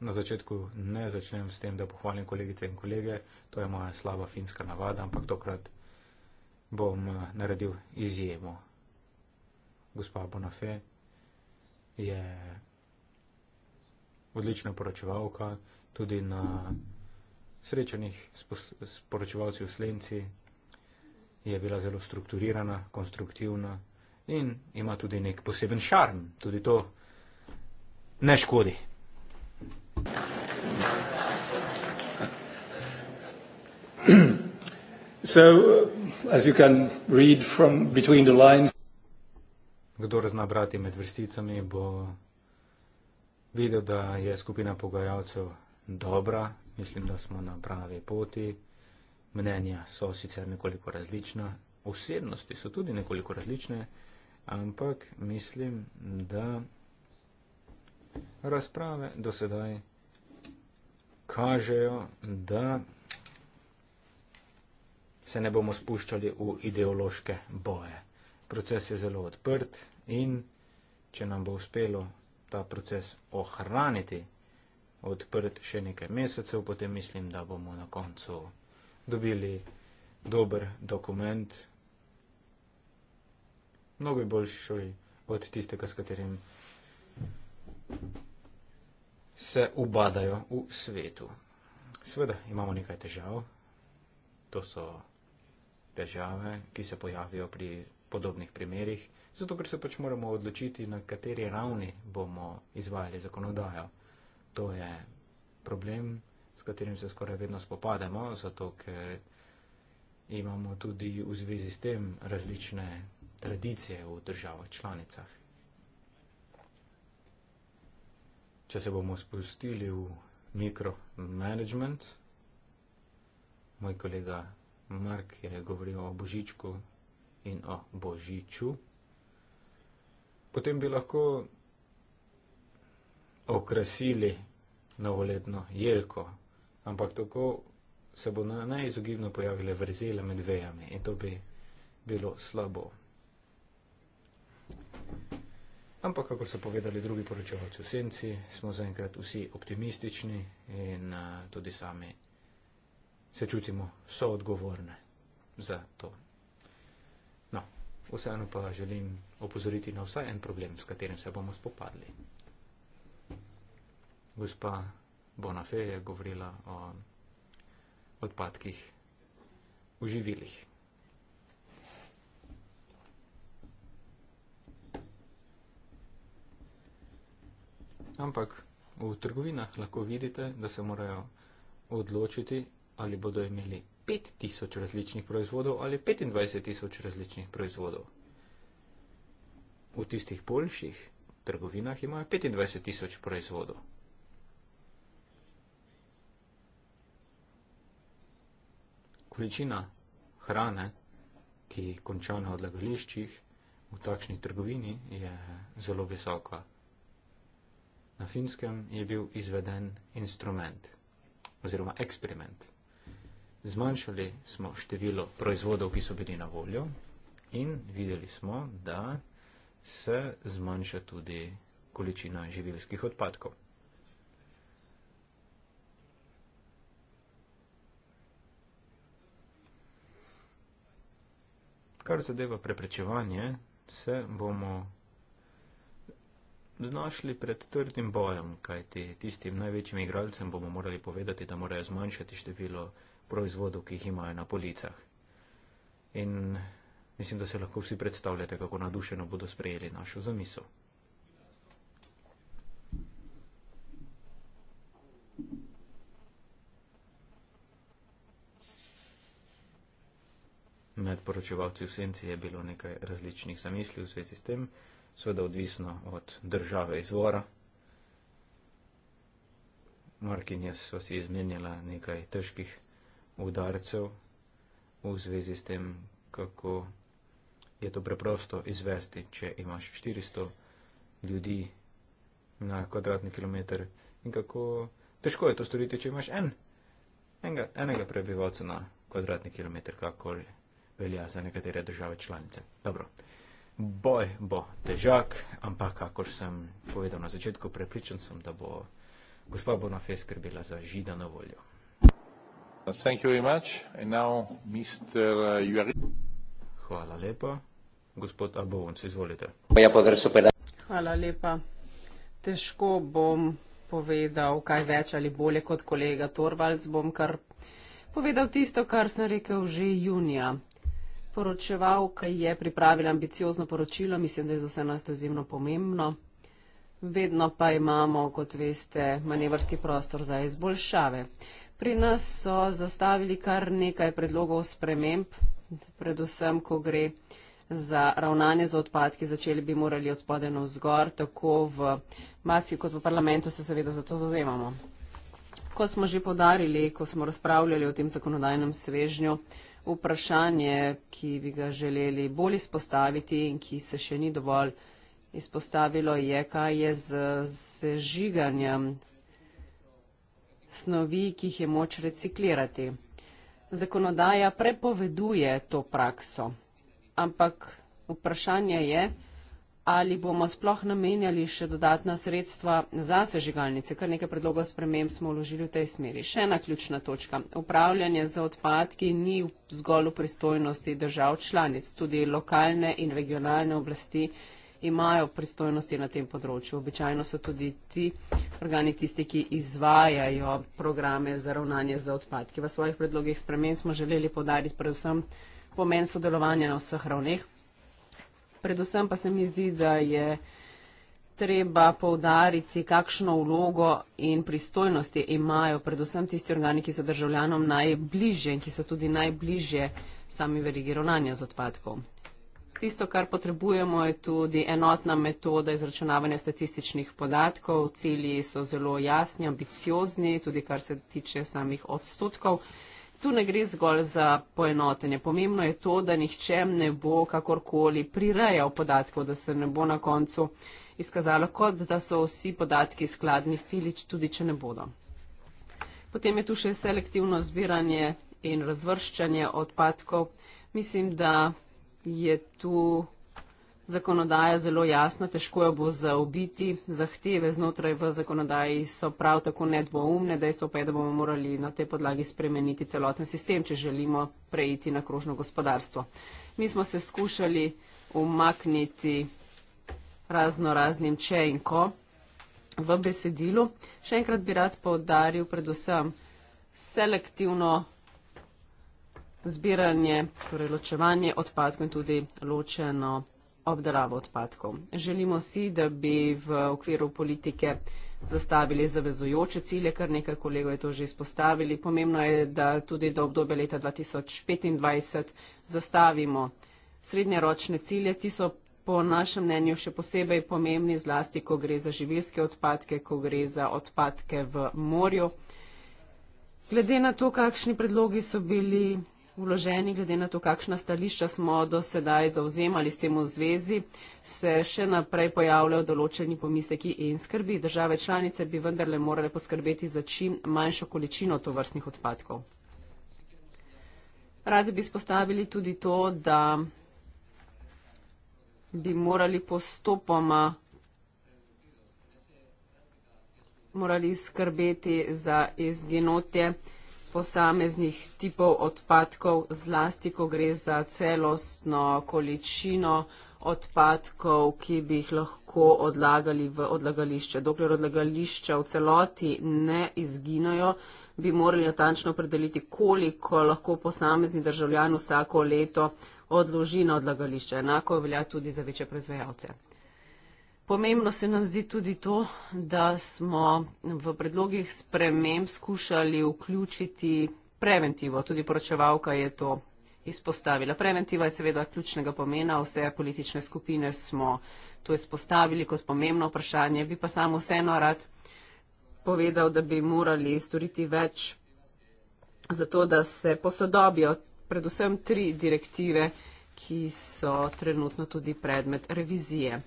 Na začetku ne začnem s tem, da pohvalim kolegice in kolege, to je moja slaba finska navada, ampak tokrat bom eh, naredil izjemo. Gospa Bonafe je odlična poročevalka, tudi na. Mm -hmm srečanjih s poročevalci v Slenci je bila zelo strukturirana, konstruktivna in ima tudi nek poseben šarm. Tudi to ne škodi. So, uh, as you can read from between the lines. Kdo razna brati med vrsticami, bo videl, da je skupina pogajalcev dobra, mislim, da smo na pravi poti. Mnenja so sicer nekoliko različna, osebnosti so tudi nekoliko različne, ampak mislim, da razprave do sedaj kažejo, da se ne bomo spuščali v ideološke boje. Proces je zelo odprt in če nam bo uspelo ta proces ohraniti, odprt še nekaj mesecev, potem mislim, da bomo na koncu dobili dober dokument, mnogo boljši od tistega, s katerim se ubadajo v svetu. Sveda imamo nekaj težav, to so težave, ki se pojavijo pri podobnih primerih, zato ker se pač moramo odločiti, na kateri ravni bomo izvajali zakonodajo to je problem, s katerim se skoraj vedno spopademo, zato ker imamo tudi v zvezi s tem različne tradicije v državah članicah. Če se bomo spustili v mikromanagement, moj kolega Mark je govoril o Božičku in o Božiču, potem bi lahko okrasili novoletno jelko, ampak tako se bo na najizogibno pojavile vrzele med vejami in to bi bilo slabo. Ampak, kako so povedali drugi poročevalci v senci, smo zaenkrat vsi optimistični in a, tudi sami se čutimo soodgovorne za to. No, vseeno pa želim opozoriti na vsaj en problem, s katerim se bomo spopadli gospa Bonafé je govorila o odpadkih v živilih. Ampak v trgovinah lahko vidite, da se morajo odločiti, ali bodo imeli 5000 različnih proizvodov ali 25000 različnih proizvodov. V tistih boljših trgovinah imajo 25000 proizvodov. količina hrane, ki konča na odlagališčih v takšni trgovini, je zelo visoka. Na finskem je bil izveden instrument oziroma eksperiment. Zmanjšali smo število proizvodov, ki so bili na voljo in videli smo, da se zmanjša tudi količina živilskih odpadkov. kar zadeva preprečevanje, se bomo znašli pred trdim bojem, kajti tistim največjim igralcem bomo morali povedati, da morajo zmanjšati število proizvodov, ki jih imajo na policah. In mislim, da se lahko vsi predstavljate, kako nadušeno bodo sprejeli našo zamisel. med poročevalci v senci je bilo nekaj različnih zamisli v zvezi s tem, seveda odvisno od države izvora. Mark in jaz sva si izmenjala nekaj težkih udarcev v zvezi s tem, kako je to preprosto izvesti, če imaš 400 ljudi na kvadratni kilometr in kako težko je to storiti, če imaš en, enega, enega prebivalca na kvadratni kilometr, kakorkoli velja za nekatere države članice. Dobro. Boj bo težak, ampak, kako sem povedal na začetku, prepričan sem, da bo gospod Bonafé skrbela za žida na voljo. Uh, Hvala lepa. Gospod Abovonc, izvolite. Hvala lepa. Težko bom povedal kaj več ali bolje kot kolega Torvalds. Bom kar povedal tisto, kar sem rekel že junija poročevalka je pripravila ambiciozno poročilo, mislim, da je za vse nas to izjemno pomembno. Vedno pa imamo, kot veste, manevrski prostor za izboljšave. Pri nas so zastavili kar nekaj predlogov sprememb, predvsem, ko gre za ravnanje za odpadki, začeli bi morali od spode na vzgor, tako v maski kot v parlamentu se seveda za to zazemamo. Kot smo že podarili, ko smo razpravljali o tem zakonodajnem svežnju, vprašanje, ki bi ga želeli bolj izpostaviti in ki se še ni dovolj izpostavilo, je, kaj je z sežiganjem snovi, ki jih je moč reciklirati. Zakonodaja prepoveduje to prakso, ampak vprašanje je, Ali bomo sploh namenjali še dodatna sredstva za sežigalnice? Kar nekaj predlogov sprememb smo vložili v tej smeri. Še ena ključna točka. Upravljanje za odpadki ni zgolj v pristojnosti držav članic. Tudi lokalne in regionalne oblasti imajo pristojnosti na tem področju. Običajno so tudi ti organi tisti, ki izvajajo programe za ravnanje za odpadki. V svojih predlogih sprememb smo želeli podariti predvsem pomen sodelovanja na vseh ravneh, predvsem pa se mi zdi, da je treba povdariti, kakšno vlogo in pristojnosti imajo predvsem tisti organi, ki so državljanom najbližje in ki so tudi najbližje sami verigi ravnanja z odpadkom. Tisto, kar potrebujemo, je tudi enotna metoda izračunavanja statističnih podatkov. Cilji so zelo jasni, ambiciozni, tudi kar se tiče samih odstotkov tu ne gre zgolj za poenotenje. Pomembno je to, da nihče ne bo kakorkoli prirejal podatkov, da se ne bo na koncu izkazalo kot, da so vsi podatki skladni s cilji, tudi če ne bodo. Potem je tu še selektivno zbiranje in razvrščanje odpadkov. Mislim, da je tu zakonodaja zelo jasna, težko jo bo zaobiti. Zahteve znotraj v zakonodaji so prav tako nedvoumne, dejstvo pa je, da bomo morali na tej podlagi spremeniti celoten sistem, če želimo preiti na krožno gospodarstvo. Mi smo se skušali umakniti razno raznim če in ko v besedilu. Še enkrat bi rad povdaril predvsem selektivno zbiranje, torej ločevanje odpadkov in tudi ločeno obdelavo odpadkov. Želimo si, da bi v okviru politike zastavili zavezujoče cilje, kar nekaj kolego je to že izpostavili. Pomembno je, da tudi do obdobja leta 2025 zastavimo srednjeročne cilje. Ti so po našem mnenju še posebej pomembni, zlasti, ko gre za živilske odpadke, ko gre za odpadke v morju. Glede na to, kakšni predlogi so bili vloženi, glede na to, kakšna stališča smo do sedaj zauzemali s tem v zvezi, se še naprej pojavljajo določeni pomisleki in skrbi. Države članice bi vendarle morale poskrbeti za čim manjšo količino tovrstnih odpadkov. Radi bi spostavili tudi to, da bi morali postopoma morali skrbeti za izginotje posameznih tipov odpadkov, zlasti, ko gre za celostno količino odpadkov, ki bi jih lahko odlagali v odlagališče. Dokler odlagališča v celoti ne izginajo, bi morali natančno predeliti, koliko lahko posamezni državljan vsako leto odloži na odlagališče. Enako velja tudi za večje proizvajalce. Pomembno se nam zdi tudi to, da smo v predlogih sprememb skušali vključiti preventivo. Tudi poročevalka je to izpostavila. Preventiva je seveda ključnega pomena. Vse politične skupine smo to izpostavili kot pomembno vprašanje. Bi pa samo vseeno rad povedal, da bi morali storiti več za to, da se posodobijo predvsem tri direktive, ki so trenutno tudi predmet revizije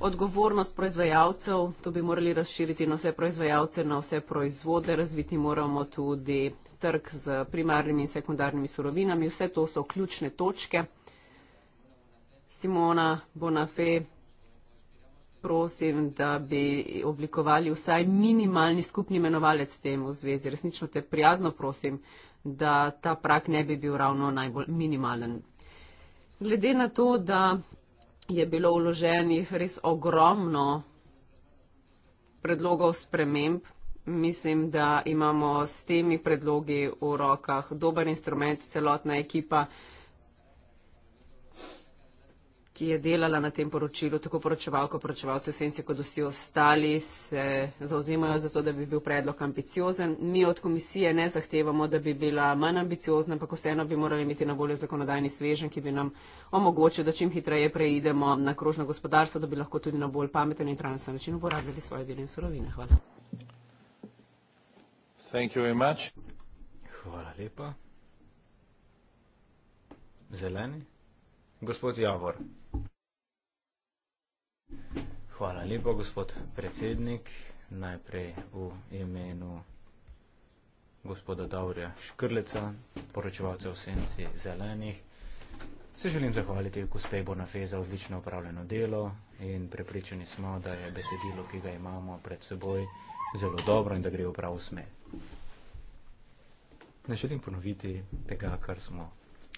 odgovornost proizvajalcev, to bi morali razširiti na vse proizvajalce, na vse proizvode, razviti moramo tudi trg z primarnimi in sekundarnimi surovinami. Vse to so ključne točke. Simona Bonafé, prosim, da bi oblikovali vsaj minimalni skupni imenovalec tem v zvezi. Resnično te prijazno prosim, da ta prak ne bi bil ravno najbolj minimalen. Glede na to, da je bilo vloženih res ogromno predlogov sprememb. Mislim, da imamo s temi predlogi v rokah dober instrument, celotna ekipa ki je delala na tem poročilu, tako poročevalko, poročevalce Sence, kot vsi ostali, se zauzemajo za to, da bi bil predlog ambiciozen. Mi od komisije ne zahtevamo, da bi bila manj ambiciozna, ampak vseeno bi morali imeti na voljo zakonodajni svežen, ki bi nam omogočil, da čim hitreje preidemo na krožno gospodarstvo, da bi lahko tudi na bolj pameten in trajnostni način uporabljali svoje vire in surovine. Hvala. Hvala lepa. Zeleni. Gospod Javor. Hvala lepo, gospod predsednik. Najprej v imenu gospoda Davrja Škrleca, poročevalca v senci zelenih. Se želim zahvaliti gospe Bonafe za odlično upravljeno delo in prepričani smo, da je besedilo, ki ga imamo pred seboj, zelo dobro in da gre v pravo smer. Ne želim ponoviti tega, kar smo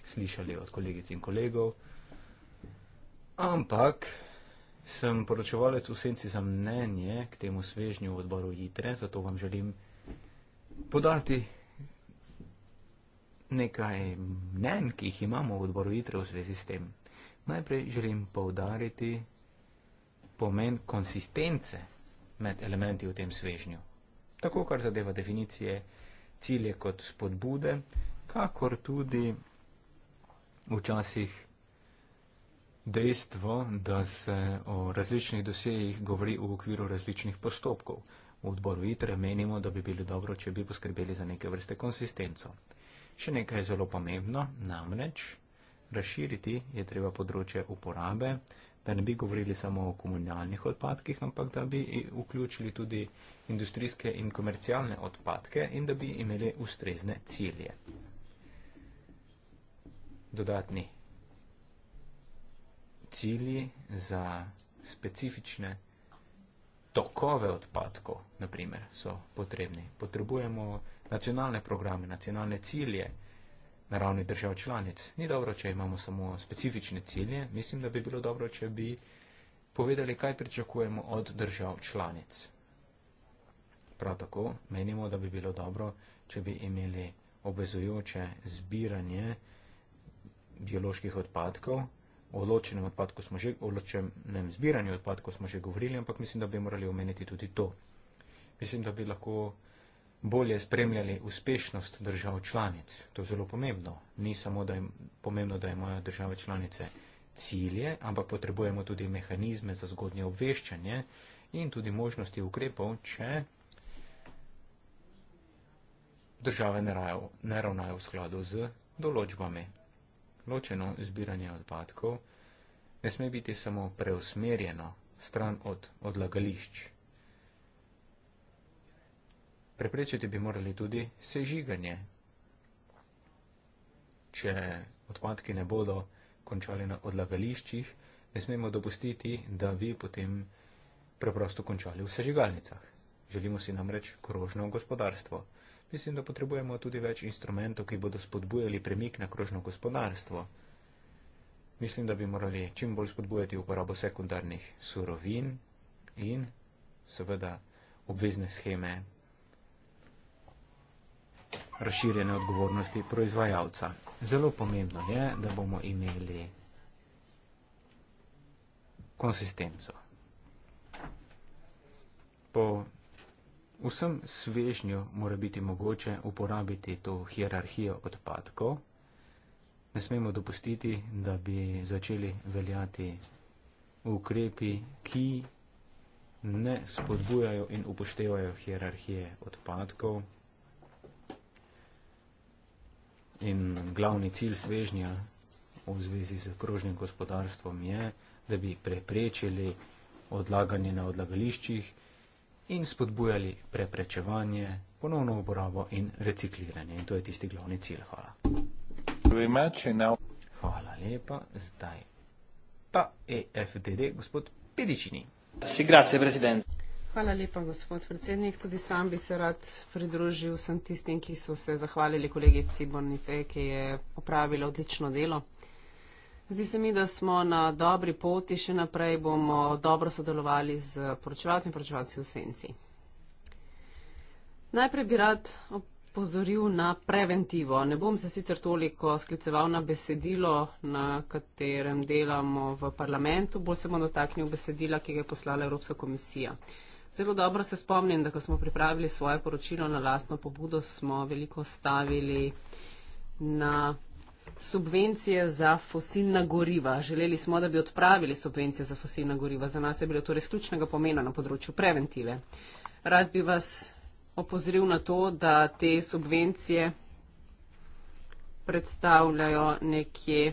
slišali od kolegic in kolegov, ampak Sem poročevalec v senci za mnenje k temu svežnju v odboru Jitre, zato vam želim podati nekaj mnen, ki jih imamo v odboru Jitre v zvezi s tem. Najprej želim povdariti pomen konsistence med elementi v tem svežnju. Tako, kar zadeva definicije, cilje kot spodbude, kakor tudi včasih dejstvo, da se o različnih dosejih govori v okviru različnih postopkov. V odboru ITRE menimo, da bi bilo dobro, če bi poskrbeli za neke vrste konsistenco. Še nekaj je zelo pomembno, namreč razširiti je treba področje uporabe, da ne bi govorili samo o komunalnih odpadkih, ampak da bi vključili tudi industrijske in komercialne odpadke in da bi imeli ustrezne cilje. Dodatni cilji za specifične tokove odpadkov, naprimer, so potrebni. Potrebujemo nacionalne programe, nacionalne cilje na ravni držav članic. Ni dobro, če imamo samo specifične cilje. Mislim, da bi bilo dobro, če bi povedali, kaj pričakujemo od držav članic. Prav tako menimo, da bi bilo dobro, če bi imeli obvezujoče zbiranje bioloških odpadkov o ločenem odpadku smo že, o ločenem zbiranju odpadkov smo že govorili, ampak mislim, da bi morali omeniti tudi to. Mislim, da bi lahko bolje spremljali uspešnost držav članic. To je zelo pomembno. Ni samo, da je pomembno, da imajo države članice cilje, ampak potrebujemo tudi mehanizme za zgodnje obveščanje in tudi možnosti ukrepov, če države ne ravnajo v skladu z določbami ločeno zbiranje odpadkov ne sme biti samo preusmerjeno stran od odlagališč. Preprečiti bi morali tudi sežiganje, če odpadki ne bodo končali na odlagališčih, ne smemo dopustiti, da bi potem preprosto končali v sežigalnicah. Želimo si namreč krožno gospodarstvo. Mislim, da potrebujemo tudi več instrumentov, ki bodo spodbujali premik na krožno gospodarstvo. Mislim, da bi morali čim bolj spodbujati uporabo sekundarnih surovin in seveda obvezne scheme razširjene odgovornosti proizvajalca. Zelo pomembno je, da bomo imeli konsistenco. Po Vsem svežnju mora biti mogoče uporabiti to hierarhijo odpadkov. Ne smemo dopustiti, da bi začeli veljati ukrepi, ki ne spodbujajo in upoštevajo hierarhije odpadkov. In glavni cilj svežnja v zvezi z krožnim gospodarstvom je, da bi preprečili odlaganje na odlagališčih, in spodbujali preprečevanje, ponovno uporabo in recikliranje. In to je tisti glavni cilj. Hvala. Hvala lepa. Zdaj pa EFDD, gospod Pedičini. Si grazie, predsednik. Hvala lepa, gospod predsednik. Tudi sam bi se rad pridružil vsem tistim, ki so se zahvalili kolegici Bonifej, ki je opravila odlično delo. Zdi se mi, da smo na dobri poti, še naprej bomo dobro sodelovali z poročevalci in poročevalci v senci. Najprej bi rad opozoril na preventivo. Ne bom se sicer toliko skliceval na besedilo, na katerem delamo v parlamentu, bolj se bom dotaknil besedila, ki ga je poslala Evropska komisija. Zelo dobro se spomnim, da ko smo pripravili svoje poročilo na lastno pobudo, smo veliko stavili na subvencije za fosilna goriva. Želeli smo, da bi odpravili subvencije za fosilna goriva. Za nas je bilo to res ključnega pomena na področju preventive. Rad bi vas opozoril na to, da te subvencije predstavljajo nekje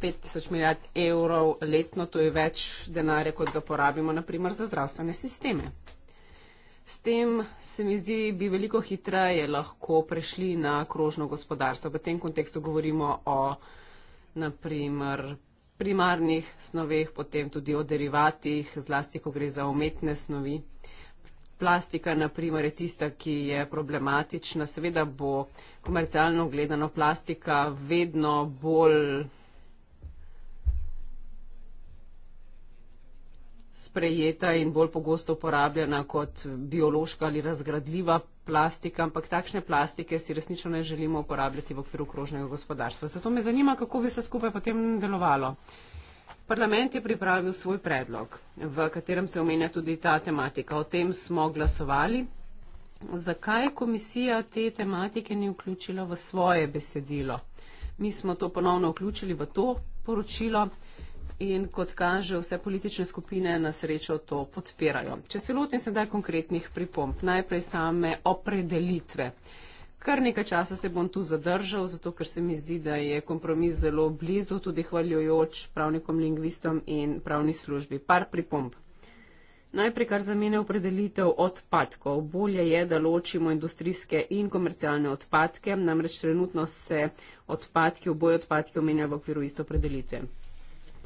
5000 milijard evrov letno, to je več denarja, kot ga porabimo naprimer za zdravstvene sisteme. S tem se mi zdi, bi veliko hitreje lahko prešli na krožno gospodarstvo. V tem kontekstu govorimo o naprimer primarnih snoveh, potem tudi o derivatih, zlasti, ko gre za umetne snovi. Plastika, naprimer, je tista, ki je problematična. Seveda bo komercialno gledano plastika vedno bolj sprejeta in bolj pogosto uporabljena kot biološka ali razgradljiva plastika, ampak takšne plastike si resnično ne želimo uporabljati v okviru krožnega gospodarstva. Zato me zanima, kako bi se skupaj potem delovalo. Parlament je pripravil svoj predlog, v katerem se omenja tudi ta tematika. O tem smo glasovali. Zakaj komisija te tematike ni vključila v svoje besedilo? Mi smo to ponovno vključili v to poročilo in kot kaže, vse politične skupine na srečo to podpirajo. Če se lotim sedaj konkretnih pripomp, najprej same opredelitve. Kar nekaj časa se bom tu zadržal, zato ker se mi zdi, da je kompromis zelo blizu, tudi hvaljujoč pravnikom, lingvistom in pravni službi. Par pripomp. Najprej, kar zamene opredelitev odpadkov. Bolje je, da ločimo industrijske in komercialne odpadke, namreč trenutno se odpadki, oboje odpadki omenja v okviru isto opredelitve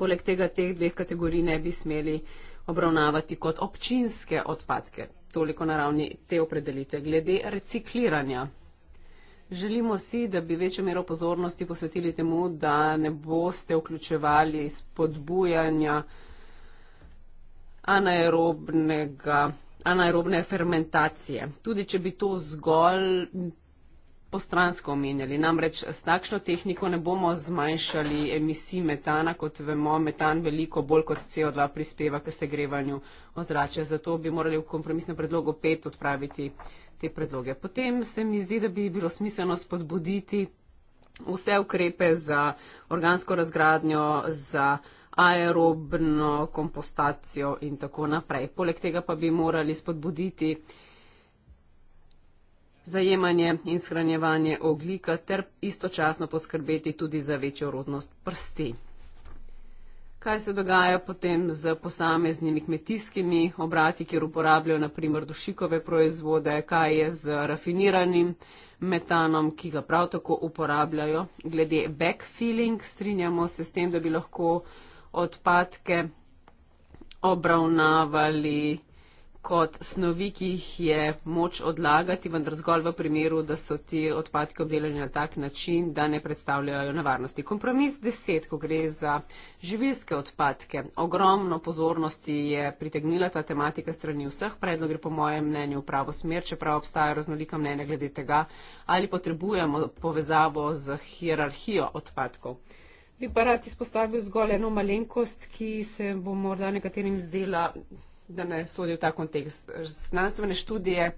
poleg tega teh dveh kategorij ne bi smeli obravnavati kot občinske odpadke. Toliko na ravni te opredelite. Glede recikliranja. Želimo si, da bi večjo mero pozornosti posvetili temu, da ne boste vključevali spodbujanja anaerobnega anaerobne fermentacije. Tudi če bi to zgolj postransko omenjali. Namreč s takšno tehniko ne bomo zmanjšali emisij metana, kot vemo, metan veliko bolj kot CO2 prispeva k segrevanju ozračja. Zato bi morali v kompromisnem predlogu pet odpraviti te predloge. Potem se mi zdi, da bi bilo smiselno spodbuditi vse ukrepe za organsko razgradnjo, za aerobno kompostacijo in tako naprej. Poleg tega pa bi morali spodbuditi zajemanje in shranjevanje oglika ter istočasno poskrbeti tudi za večjo rodnost prsti. Kaj se dogaja potem z posameznimi kmetijskimi obrati, kjer uporabljajo naprimer dušikove proizvode, kaj je z rafiniranim metanom, ki ga prav tako uporabljajo. Glede backfilling strinjamo se s tem, da bi lahko odpadke obravnavali kot snovi, ki jih je moč odlagati, vendar zgolj v primeru, da so ti odpadki obdelani na tak način, da ne predstavljajo nevarnosti. Kompromis 10, ko gre za živilske odpadke. Ogromno pozornosti je pritegnila ta tematika strani vseh. Predlog gre po mojem mnenju v pravo smer, čeprav obstajajo raznolika mnenja glede tega, ali potrebujemo povezavo z hierarhijo odpadkov. Bi pa rad izpostavil zgolj eno malenkost, ki se bo morda nekaterim zdela da ne sodi v ta kontekst. Znanstvene študije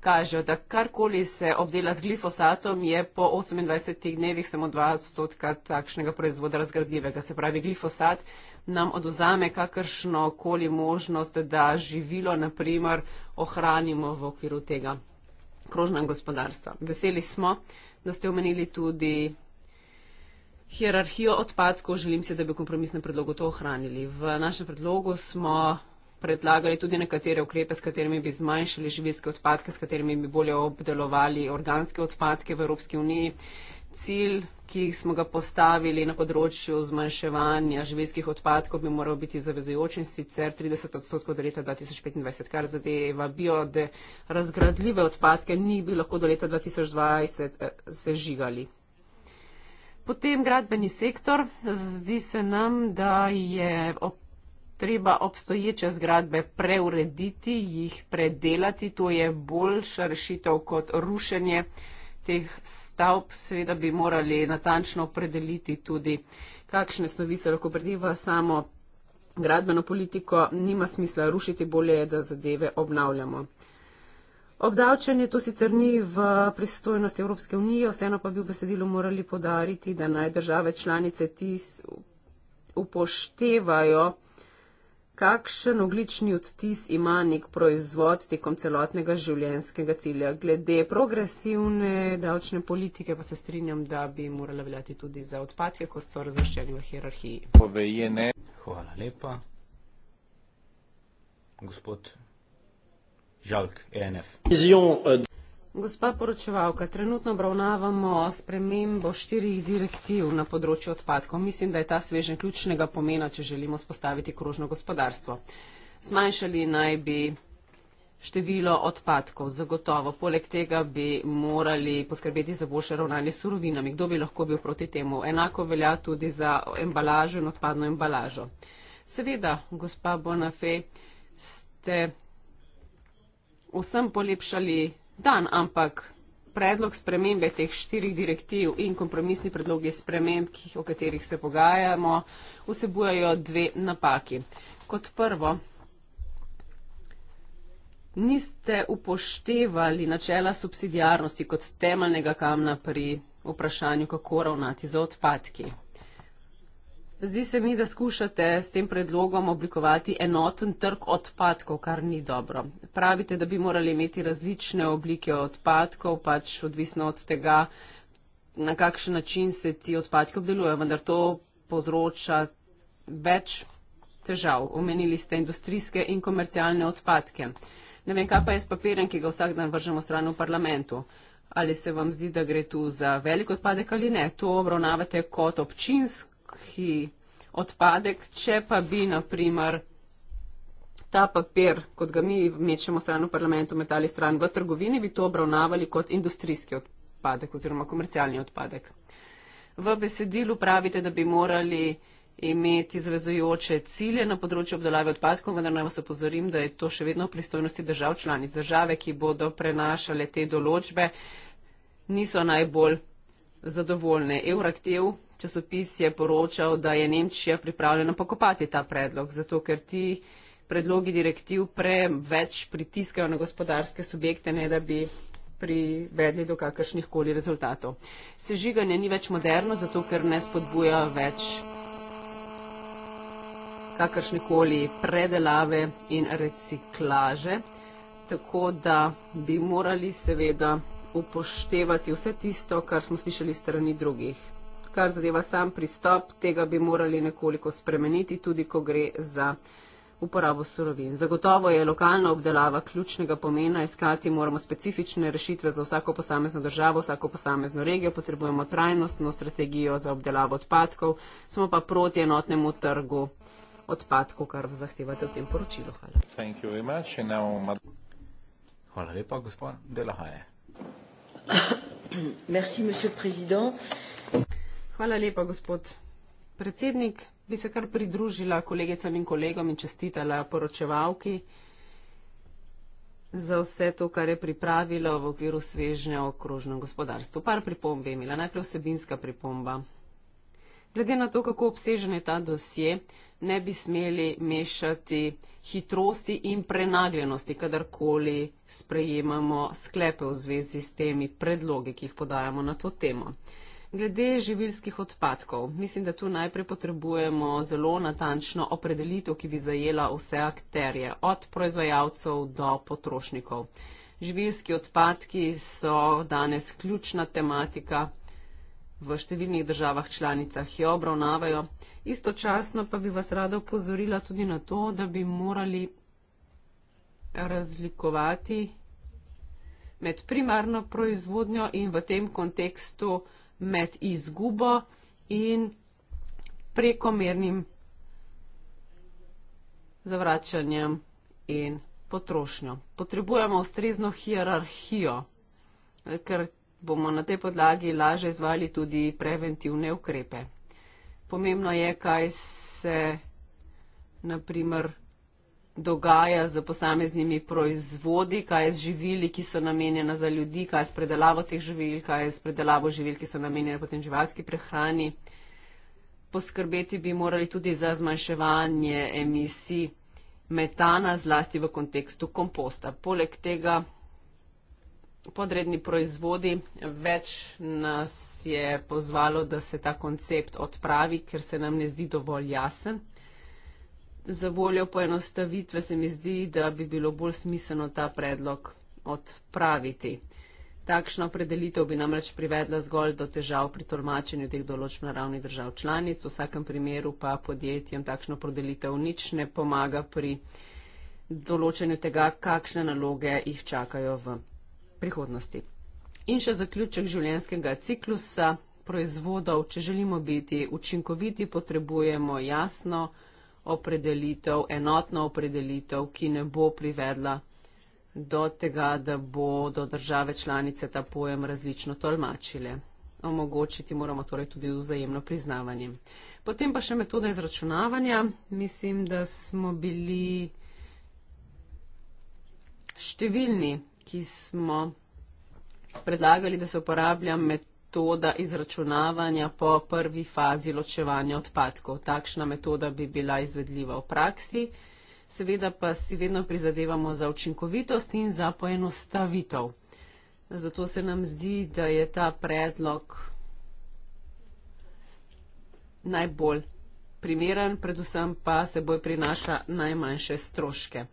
kažejo, da karkoli se obdela z glifosatom, je po 28 dnevih samo 2 odstotka takšnega proizvoda razgradljivega. Se pravi, glifosat nam oduzame kakršno koli možnost, da živilo, naprimer, ohranimo v okviru tega krožnega gospodarstva. Veseli smo, da ste omenili tudi hierarhijo odpadkov. Želim se, da bi kompromisne predlogo to ohranili. V našem predlogu smo predlagali tudi nekatere ukrepe, s katerimi bi zmanjšali živilske odpadke, s katerimi bi bolje obdelovali organske odpadke v Evropski uniji. Cilj, ki smo ga postavili na področju zmanjševanja živilskih odpadkov, bi moral biti zavezujoč in sicer 30 odstotkov do leta 2025, kar zadeva bio, da razgradljive odpadke ni bi lahko do leta 2020 eh, sežigali. Potem gradbeni sektor. Zdi se nam, da je treba obstoječe zgradbe preurediti, jih predelati, to je boljša rešitev kot rušenje teh stavb. Seveda bi morali natančno opredeliti tudi, kakšne snovi se lahko predeva samo gradbeno politiko. Nima smisla rušiti, bolje je, da zadeve obnavljamo. Obdavčanje to sicer ni v pristojnosti Evropske unije, vseeno pa bi v besedilu morali podariti, da naj države članice tis upoštevajo, kakšen oglični odtis ima nek proizvod tekom celotnega življenjskega cilja. Glede progresivne davčne politike pa se strinjam, da bi morala veljati tudi za odpadke, kot so razvrščeni v hierarhiji. Hvala lepa. Gospod Žalk, ENF. Gospa poročevalka, trenutno obravnavamo spremembo štirih direktiv na področju odpadkov. Mislim, da je ta svežen ključnega pomena, če želimo spostaviti krožno gospodarstvo. Zmanjšali naj bi število odpadkov, zagotovo. Poleg tega bi morali poskrbeti za boljše ravnanje s surovinami. Kdo bi lahko bil proti temu? Enako velja tudi za embalažo in odpadno embalažo. Seveda, gospa Bonafe, ste vsem polepšali dan, ampak predlog spremembe teh štirih direktiv in kompromisni predlogi sprememb, o katerih se pogajamo, vsebujajo dve napaki. Kot prvo, niste upoštevali načela subsidijarnosti kot temeljnega kamna pri vprašanju, kako ravnati za odpadki. Zdi se mi, da skušate s tem predlogom oblikovati enoten trg odpadkov, kar ni dobro. Pravite, da bi morali imeti različne oblike odpadkov, pač odvisno od tega, na kakšen način se ti odpadki obdelujejo, vendar to povzroča več težav. Omenili ste industrijske in komercialne odpadke. Ne vem, kaj pa je s papirjem, ki ga vsak dan vržemo stran v parlamentu. Ali se vam zdi, da gre tu za velik odpadek ali ne? To obravnavate kot občinsko suhi odpadek, če pa bi naprimer ta papir, kot ga mi mečemo stran v parlamentu, metali stran v trgovini, bi to obravnavali kot industrijski odpadek oziroma komercialni odpadek. V besedilu pravite, da bi morali imeti zvezujoče cilje na področju obdelave odpadkov, vendar naj vas opozorim, da je to še vedno v pristojnosti držav članic. Države, ki bodo prenašale te določbe, niso najbolj zadovoljne. Euraktiv časopis je poročal, da je Nemčija pripravljena pokopati ta predlog, zato ker ti predlogi direktiv preveč pritiskajo na gospodarske subjekte, ne da bi privedli do kakršnih koli rezultatov. Sežiganje ni več moderno, zato ker ne spodbuja več kakršne koli predelave in reciklaže, tako da bi morali seveda upoštevati vse tisto, kar smo slišali strani drugih kar zadeva sam pristop, tega bi morali nekoliko spremeniti, tudi ko gre za uporabo surovin. Zagotovo je lokalna obdelava ključnega pomena, iskati moramo specifične rešitve za vsako posamezno državo, vsako posamezno regijo, potrebujemo trajnostno strategijo za obdelavo odpadkov, smo pa proti enotnemu trgu odpadkov, kar zahtevate v tem poročilu. Hvala. Hvala lepa, gospod Delahaje. Merci, monsieur le président. Hvala lepa, gospod predsednik. Bi se kar pridružila kolegicam in kolegom in čestitala poročevalki za vse to, kar je pripravila v okviru svežnja o krožnem gospodarstvu. Par pripomb je imela, najprej vsebinska pripomba. Glede na to, kako obsežen je ta dosje, ne bi smeli mešati hitrosti in prenagljenosti, kadarkoli sprejemamo sklepe v zvezi s temi predlogi, ki jih podajamo na to temo glede živilskih odpadkov. Mislim, da tu najprej potrebujemo zelo natančno opredelitev, ki bi zajela vse akterje, od proizvajalcev do potrošnikov. Živilski odpadki so danes ključna tematika v številnih državah članicah, jo obravnavajo. Istočasno pa bi vas rada upozorila tudi na to, da bi morali razlikovati med primarno proizvodnjo in v tem kontekstu med izgubo in prekomernim zavračanjem in potrošnjo. Potrebujemo ustrezno hierarhijo, ker bomo na tej podlagi lažje izvali tudi preventivne ukrepe. Pomembno je, kaj se naprimer dogaja z posameznimi proizvodi, kaj je z živili, ki so namenjena za ljudi, kaj je s predelavo teh živil, kaj je s predelavo živil, ki so namenjene potem živalski prehrani. Poskrbeti bi morali tudi za zmanjševanje emisij metana, zlasti v kontekstu komposta. Poleg tega podredni proizvodi več nas je pozvalo, da se ta koncept odpravi, ker se nam ne zdi dovolj jasen za voljo poenostavitve se mi zdi, da bi bilo bolj smiselno ta predlog odpraviti. Takšna opredelitev bi namreč privedla zgolj do težav pri tolmačenju teh določb na ravni držav članic, v vsakem primeru pa podjetjem takšna opredelitev nič ne pomaga pri določenju tega, kakšne naloge jih čakajo v prihodnosti. In še zaključek življenjskega ciklusa proizvodov. Če želimo biti učinkoviti, potrebujemo jasno, opredelitev, enotna opredelitev, ki ne bo privedla do tega, da bodo države članice ta pojem različno tolmačile. Omogočiti moramo torej tudi vzajemno priznavanje. Potem pa še metoda izračunavanja. Mislim, da smo bili številni, ki smo predlagali, da se uporablja metoda metoda izračunavanja po prvi fazi ločevanja odpadkov. Takšna metoda bi bila izvedljiva v praksi, seveda pa si vedno prizadevamo za učinkovitost in za poenostavitev. Zato se nam zdi, da je ta predlog najbolj primeren, predvsem pa seboj prinaša najmanjše stroške.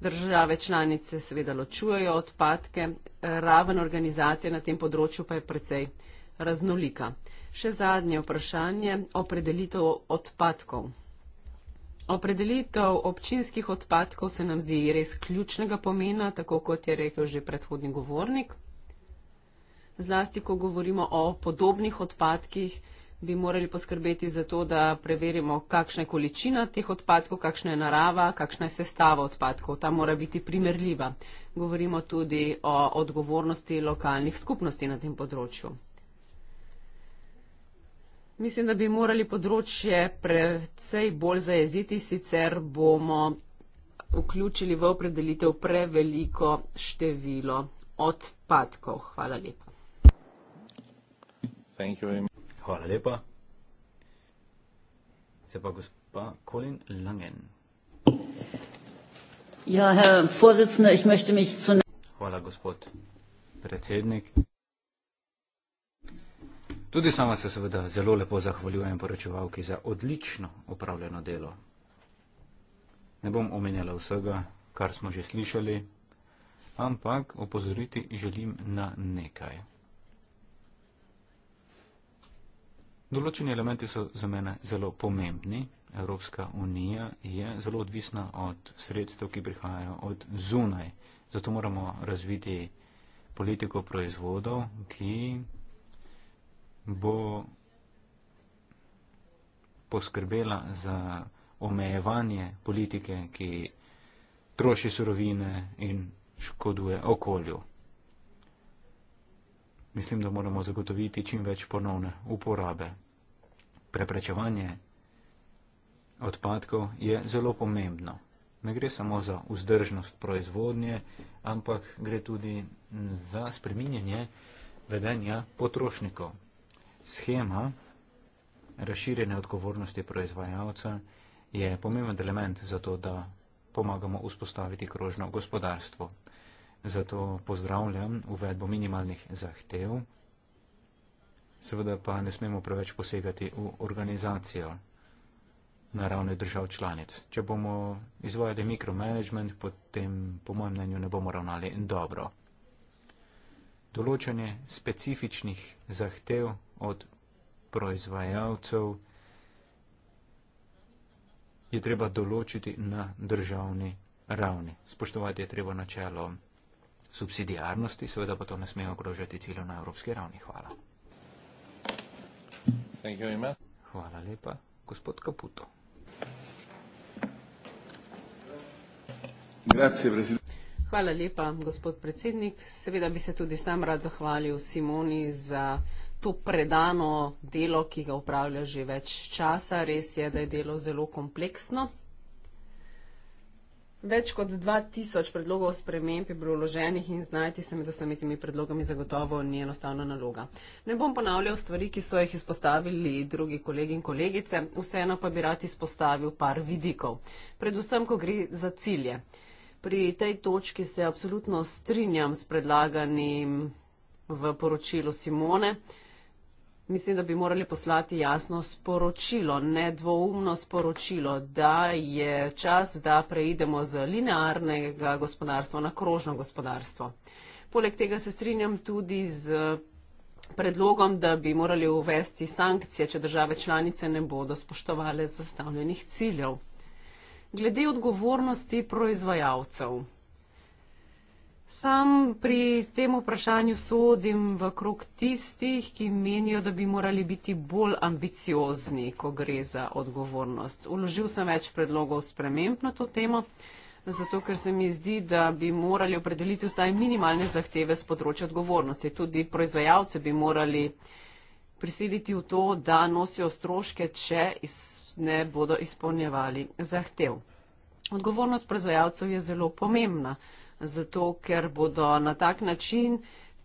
Države članice seveda ločujejo odpadke, raven organizacije na tem področju pa je precej raznolika. Še zadnje vprašanje opredelitev odpadkov. Opredelitev občinskih odpadkov se nam zdi res ključnega pomena, tako kot je rekel že predhodni govornik. Zlasti, ko govorimo o podobnih odpadkih, bi morali poskrbeti za to, da preverimo, kakšna je količina teh odpadkov, kakšna je narava, kakšna je sestava odpadkov. Ta mora biti primerljiva. Govorimo tudi o odgovornosti lokalnih skupnosti na tem področju. Mislim, da bi morali področje precej bolj zajeziti, sicer bomo vključili v opredelitev preveliko število odpadkov. Hvala lepa. Hvala lepa. Se pa gospa Colin Langen. Ja, Hvala, gospod predsednik. Tudi sama se seveda zelo lepo zahvaljujem poročevalki za odlično opravljeno delo. Ne bom omenjala vsega, kar smo že slišali, ampak opozoriti želim na nekaj. Določeni elementi so za mene zelo pomembni. Evropska unija je zelo odvisna od sredstev, ki prihajajo od zunaj. Zato moramo razviti politiko proizvodov, ki bo poskrbela za omejevanje politike, ki troši surovine in škoduje okolju. Mislim, da moramo zagotoviti čim več ponovne uporabe. Preprečevanje odpadkov je zelo pomembno. Ne gre samo za vzdržnost proizvodnje, ampak gre tudi za spreminjanje vedenja potrošnikov. Schema razširjene odgovornosti proizvajalca je pomemben element za to, da pomagamo vzpostaviti krožno gospodarstvo. Zato pozdravljam uvedbo minimalnih zahtev, seveda pa ne smemo preveč posegati v organizacijo na ravni držav članic. Če bomo izvajali mikromanagement, potem po mojem mnenju ne bomo ravnali dobro. Določanje specifičnih zahtev od proizvajalcev, je treba določiti na državni ravni. Spoštovati je treba načelo subsidijarnosti, seveda pa to ne sme ogrožati ciljev na evropski ravni. Hvala. Hvala lepa, gospod Kaputo. Hvala lepa, gospod predsednik. Seveda bi se tudi sam rad zahvalil Simoni za to predano delo, ki ga upravljaš že več časa. Res je, da je delo zelo kompleksno. Več kot 2000 predlogov sprememb je bilo vloženih in znajti se med vsemi temi predlogami zagotovo ni enostavna naloga. Ne bom ponavljal stvari, ki so jih izpostavili drugi kolegi in kolegice, vseeno pa bi rad izpostavil par vidikov. Predvsem, ko gre za cilje. Pri tej točki se absolutno strinjam s predlaganim v poročilu Simone mislim, da bi morali poslati jasno sporočilo, nedvoumno sporočilo, da je čas, da preidemo z linearnega gospodarstva na krožno gospodarstvo. Poleg tega se strinjam tudi z predlogom, da bi morali uvesti sankcije, če države članice ne bodo spoštovale zastavljenih ciljev. Glede odgovornosti proizvajalcev. Sam pri tem vprašanju sodim v krog tistih, ki menijo, da bi morali biti bolj ambiciozni, ko gre za odgovornost. Uložil sem več predlogov sprememb na to temo, zato ker se mi zdi, da bi morali opredeliti vsaj minimalne zahteve z področja odgovornosti. Tudi proizvajalce bi morali prisiliti v to, da nosijo stroške, če ne bodo izpolnjevali zahtev. Odgovornost proizvajalcev je zelo pomembna zato ker bodo na tak način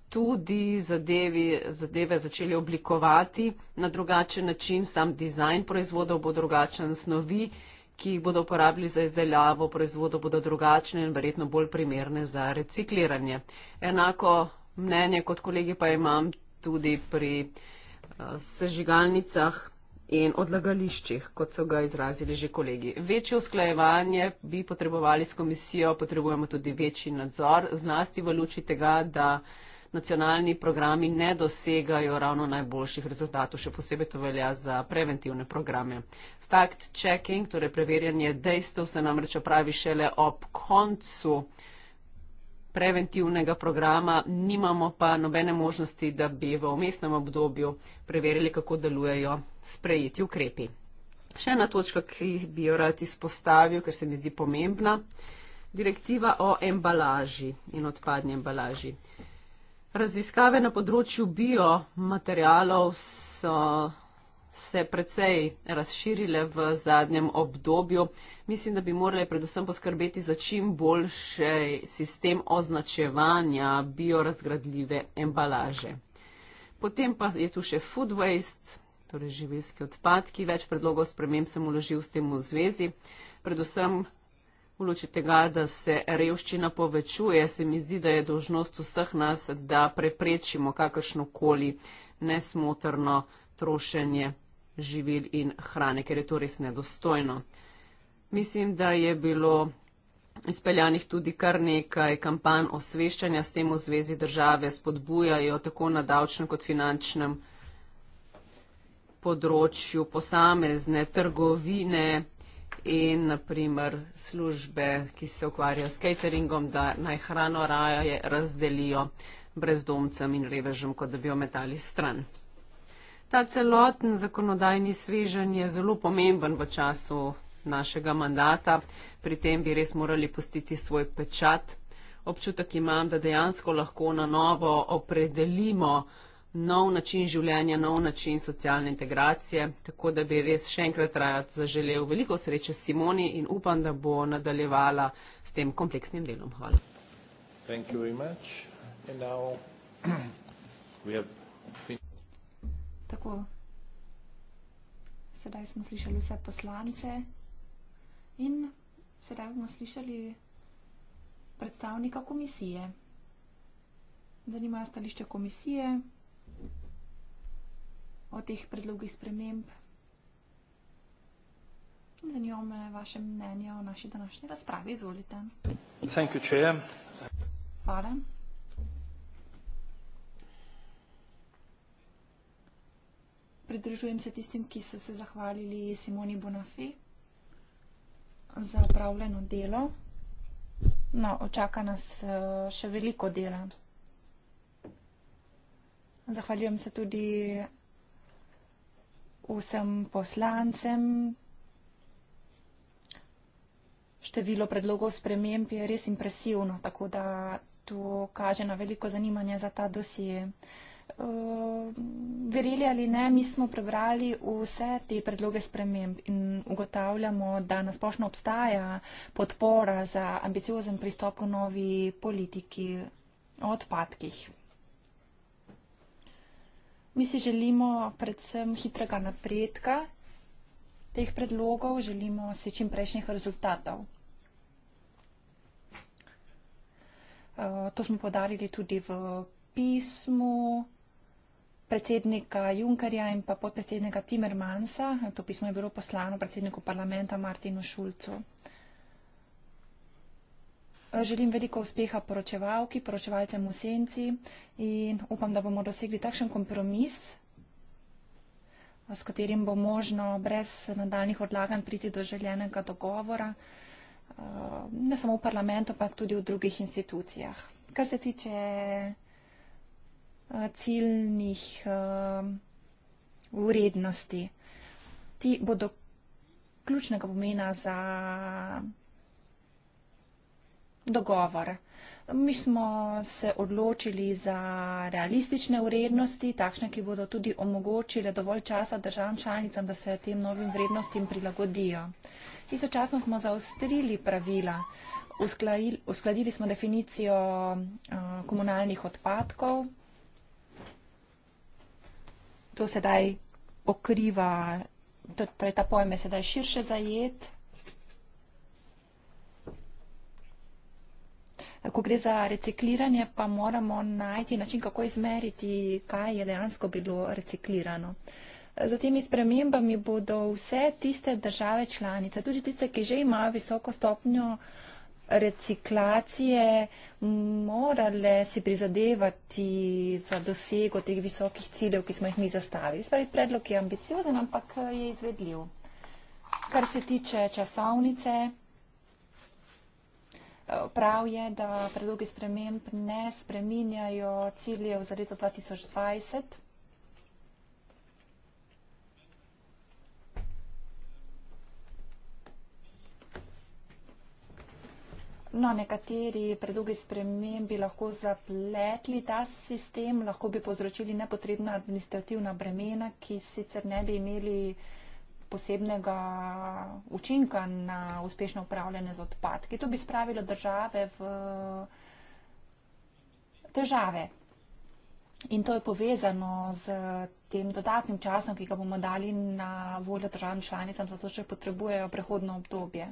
tudi zadevi, zadeve začeli oblikovati na drugačen način, sam dizajn proizvodov bo drugačen, snovi, ki jih bodo uporabili za izdelavo proizvodov, bodo drugačne in verjetno bolj primerne za recikliranje. Enako mnenje kot kolegi pa imam tudi pri eh, sežigalnicah in odlagališčih, kot so ga izrazili že kolegi. Večje usklajevanje bi potrebovali s komisijo, potrebujemo tudi večji nadzor, zlasti v luči tega, da nacionalni programi ne dosegajo ravno najboljših rezultatov, še posebej to velja za preventivne programe. Fact checking, torej preverjanje dejstev, se namreč opravi šele ob koncu preventivnega programa, nimamo pa nobene možnosti, da bi v omestnem obdobju preverili, kako delujejo sprejeti ukrepi. Še ena točka, ki bi jo rad izpostavil, ker se mi zdi pomembna, direktiva o embalaži in odpadni embalaži. Raziskave na področju biomaterialov so se precej razširile v zadnjem obdobju. Mislim, da bi morali predvsem poskrbeti za čim boljši sistem označevanja biorazgradljive embalaže. Potem pa je tu še food waste, torej živilski odpadki. Več predlogov spremem sem uložil s tem v zvezi. Predvsem v luči tega, da se revščina povečuje, se mi zdi, da je dožnost vseh nas, da preprečimo kakršnokoli nesmotrno trošenje živil in hrane, ker je to res nedostojno. Mislim, da je bilo izpeljanih tudi kar nekaj kampanj osveščanja s tem v zvezi države, spodbujajo tako na davčnem kot finančnem področju posamezne trgovine in naprimer službe, ki se ukvarjajo s cateringom, da naj hrano raje razdelijo brezdomcem in revežem, kot da bi jo metali stran. Ta celoten zakonodajni svežen je zelo pomemben v času našega mandata. Pri tem bi res morali pustiti svoj pečat. Občutek imam, da dejansko lahko na novo opredelimo nov način življenja, nov način socialne integracije, tako da bi res še enkrat rad zaželel veliko sreče Simoni in upam, da bo nadaljevala s tem kompleksnim delom. Hvala. Thank you very much. And now we have finished. Tako. Sedaj smo slišali vse poslance in sedaj bomo slišali predstavnika komisije. Zanima stališče komisije o teh predlogih sprememb. Zanima me vaše mnenje o naši današnji razpravi. Izvolite. Thank you, Hvala. pridružujem se tistim, ki so se zahvalili Simoni Bonafi za upravljeno delo. No, očaka nas eh, še veliko dela. Zahvaljujem se tudi vsem poslancem. Število predlogov sprememb je res impresivno, tako da to kaže na veliko zanimanje za ta dosije. Uh, eh, verili ali ne, mi smo prebrali vse te predloge sprememb in ugotavljamo, da nasplošno obstaja podpora za ambiciozen pristop k novi politiki o odpadkih. Mi si želimo predvsem hitrega napredka teh predlogov, želimo se čim prejšnjih rezultatov. Uh, to smo podarili tudi v pismu predsednika Junkerja in pa podpredsednika Timmermansa. To pismo je bilo poslano predsedniku parlamenta Martinu Šulcu. Želim veliko uspeha poročevalki, poročevalcem v senci in upam, da bomo dosegli takšen kompromis, s katerim bo možno brez nadaljnih odlaganj priti do željenega dogovora, eh, ne samo v parlamentu, pa tudi v drugih institucijah. Kar se tiče Eh, ciljnih eh, vrednosti. Ti bodo ključnega pomena za dogovor. Mi smo se odločili za realistične vrednosti, takšne, ki bodo tudi omogočile dovolj časa državam članicam, da se tem novim vrednostim prilagodijo. Istočasno smo zaostrili pravila, uskladili smo definicijo eh, komunalnih odpadkov, to sedaj pokriva, torej ta pojem je sedaj širše zajet. Ko gre za recikliranje, pa moramo najti način, kako izmeriti, kaj je dejansko bilo reciklirano. Za temi spremembami bodo vse tiste države članice, tudi tiste, ki že imajo visoko stopnjo uh, reciklacije morale si prizadevati za dosego teh visokih ciljev, ki smo jih mi zastavili. Zdaj, predlog je ambiciozen, ampak eh, je izvedljiv. Kar se tiče časovnice, eh, prav je, da predlogi sprememb ne spreminjajo ciljev za leto 2020. No, nekateri predlogi sprememb bi lahko zapletli ta sistem, lahko bi povzročili nepotrebna administrativna bremena, ki sicer ne bi imeli posebnega učinka na uspešno upravljanje z odpadki. To bi spravilo države v težave. In to je povezano z tem dodatnim časom, ki ga bomo dali na voljo državnim članicam, zato še potrebujejo prehodno obdobje.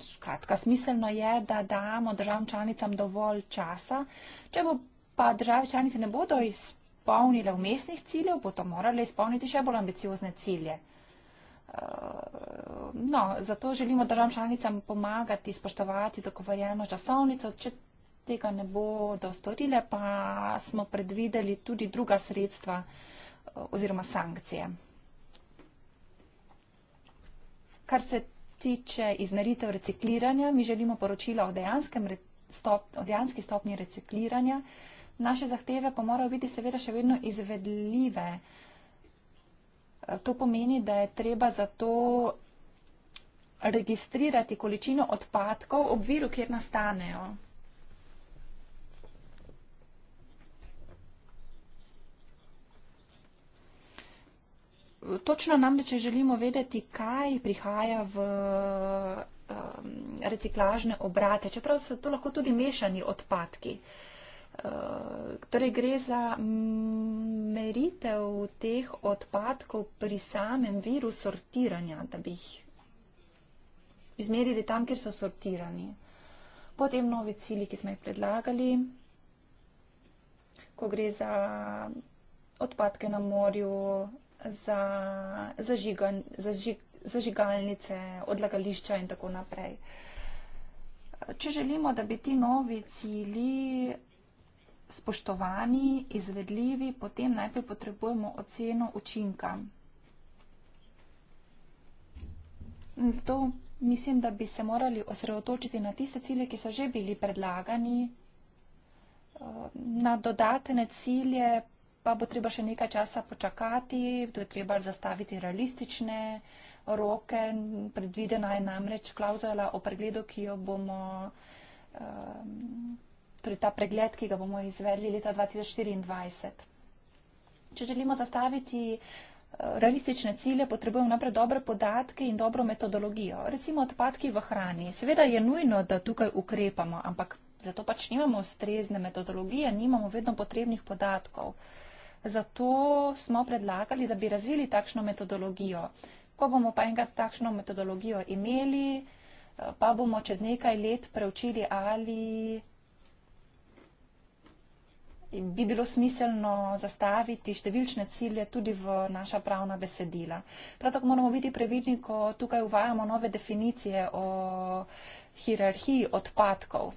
skratka, smiselno je, da damo državam članicam dovolj časa. Če bo pa države članice ne bodo izpolnile umestnih ciljev, bodo morali izpolniti še bolj ambiciozne cilje. Eh, no, zato želimo državam članicam pomagati spoštovati dogovorjeno časovnico. Če tega ne bodo storile, pa smo predvideli tudi druga sredstva eh, oziroma sankcije. Kar se tiče izmeritev recikliranja, mi želimo poročila o, stop, o dejanski stopnji recikliranja. Naše zahteve pa morajo biti seveda še vedno izvedljive. To pomeni, da je treba zato registrirati količino odpadkov ob viru, kjer nastanejo. Točno namreč, če želimo vedeti, kaj prihaja v um, reciklažne obrate, čeprav so to lahko tudi mešani odpadki. Uh, torej gre za meritev teh odpadkov pri samem viru sortiranja, da bi jih izmerili tam, kjer so sortirani. Potem novi cili, ki smo jih predlagali, ko gre za odpadke na morju, za, za, žigan, za, žig, za žigalnice, odlagališča in tako naprej. Če želimo, da bi ti novi cili spoštovani, izvedljivi, potem najprej potrebujemo oceno učinka. In zato mislim, da bi se morali osredotočiti na tiste cilje, ki so že bili predlagani, eh, na dodatne cilje pa bo treba še nekaj časa počakati, tu je treba zastaviti realistične roke. Predvidena je namreč klauzula o pregledu, ki jo bomo, um, torej ta pregled, ki ga bomo izvedli leta 2024. Če želimo zastaviti eh, realistične cilje, potrebujemo najprej dobre podatke in dobro metodologijo. Recimo odpadki v hrani. Seveda je nujno, da tukaj ukrepamo, ampak zato pač nimamo ustrezne metodologije, nimamo vedno potrebnih podatkov. Zato smo predlagali, da bi razvili takšno metodologijo. Ko bomo pa enkrat takšno metodologijo imeli, eh, pa bomo čez nekaj let preučili, ali bi bilo smiselno zastaviti številčne cilje tudi v naša pravna besedila. Prav tako moramo biti previdni, ko tukaj uvajamo nove definicije o hierarhiji odpadkov.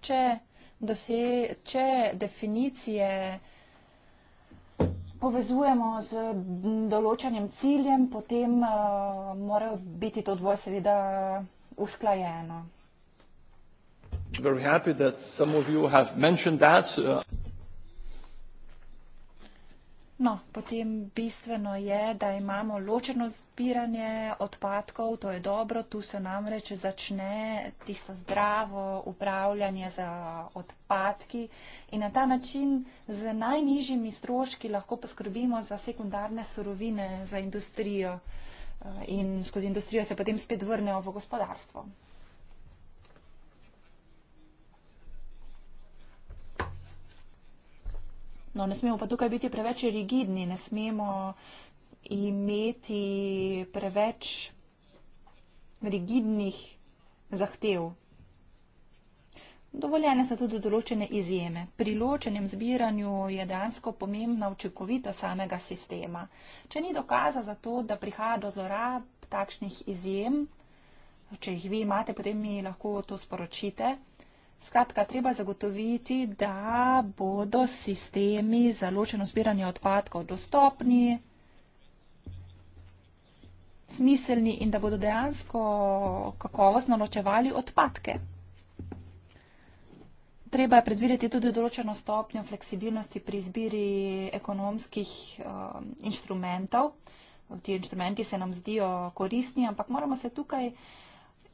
Če doseče definicije povezujemo z določenim ciljem, potem uh, mora biti to dvoje seveda usklajeno. Very happy that some of you have mentioned that. Uh... No, potem bistveno je, da imamo ločeno zbiranje odpadkov, to je dobro, tu se namreč začne tisto zdravo upravljanje za odpadki in na ta način z najnižjimi stroški lahko poskrbimo za sekundarne surovine za industrijo eh, in skozi industrijo se potem spet vrnejo v gospodarstvo. No, ne smemo pa tukaj biti preveč rigidni, ne smemo imeti preveč rigidnih zahtev. Dovoljene so tudi določene izjeme. Pri ločenem zbiranju je dejansko pomembna učinkovita samega sistema. Če ni dokaza za to, da prihaja do zlorab takšnih izjem, če jih vi imate, potem mi lahko to sporočite. Skratka, treba zagotoviti, da bodo sistemi za ločeno zbiranje odpadkov dostopni, smiselni in da bodo dejansko kakovostno ločevali odpadke. Treba je predvideti tudi določeno stopnjo fleksibilnosti pri izbiri ekonomskih um, inštrumentov. Ti inštrumenti se nam zdijo koristni, ampak moramo se tukaj. Uh,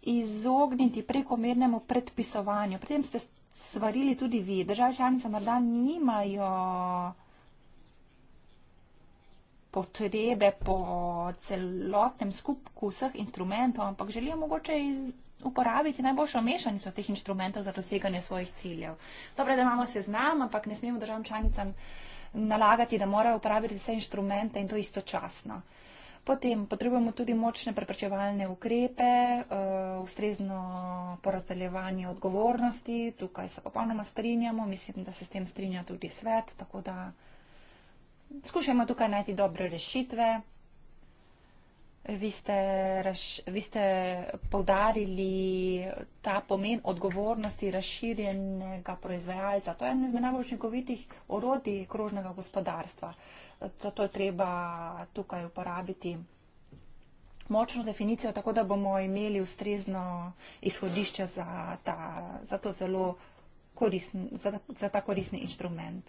izogniti prekomernemu predpisovanju. Pri tem ste svarili tudi vi. Države članice morda nimajo potrebe po celotnem skupku vseh instrumentov, ampak želijo mogoče uporabiti najboljšo mešanico teh instrumentov za doseganje svojih ciljev. Dobro, da imamo seznam, ampak ne smemo državam članicam nalagati, da morajo uporabiti vse inštrumente in to istočasno. Uh, Potem potrebujemo tudi močne preprečevalne ukrepe, eh, ustrezno porazdeljevanje odgovornosti. Tukaj se popolnoma strinjamo, mislim, da se s tem strinja tudi svet, tako da skušajmo tukaj najti dobre rešitve. Vi ste, vi ste povdarili ta pomen odgovornosti razširjenega proizvajalca. To je eno izmed najbolj učinkovitih orodij krožnega gospodarstva. Uh, zato je treba tukaj uporabiti močno definicijo, tako da bomo imeli ustrezno izhodišče za ta, za to zelo korisn, za, za ta korisni inštrument.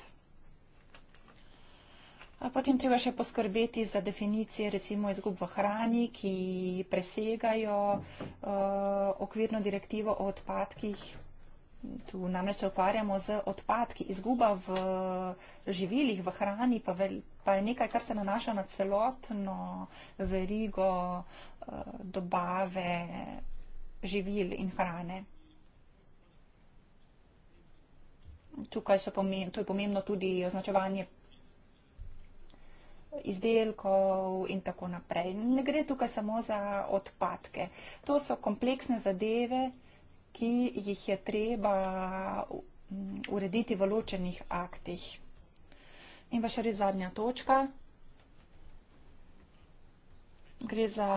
Potem treba še poskrbeti za definicije recimo izgub v hrani, ki presegajo uh, okvirno direktivo o odpadkih. Tu namreč se ukvarjamo z odpadki. Izguba v živilih, v hrani pa, vel, pa je nekaj, kar se nanaša na celotno verigo eh, dobave živil in hrane. Tukaj so pomembno, to je pomembno tudi označevanje izdelkov in tako naprej. Ne gre tukaj samo za odpadke. To so kompleksne zadeve, ki jih je treba mm, urediti v ločenih aktih. In pa še res zadnja točka. Gre za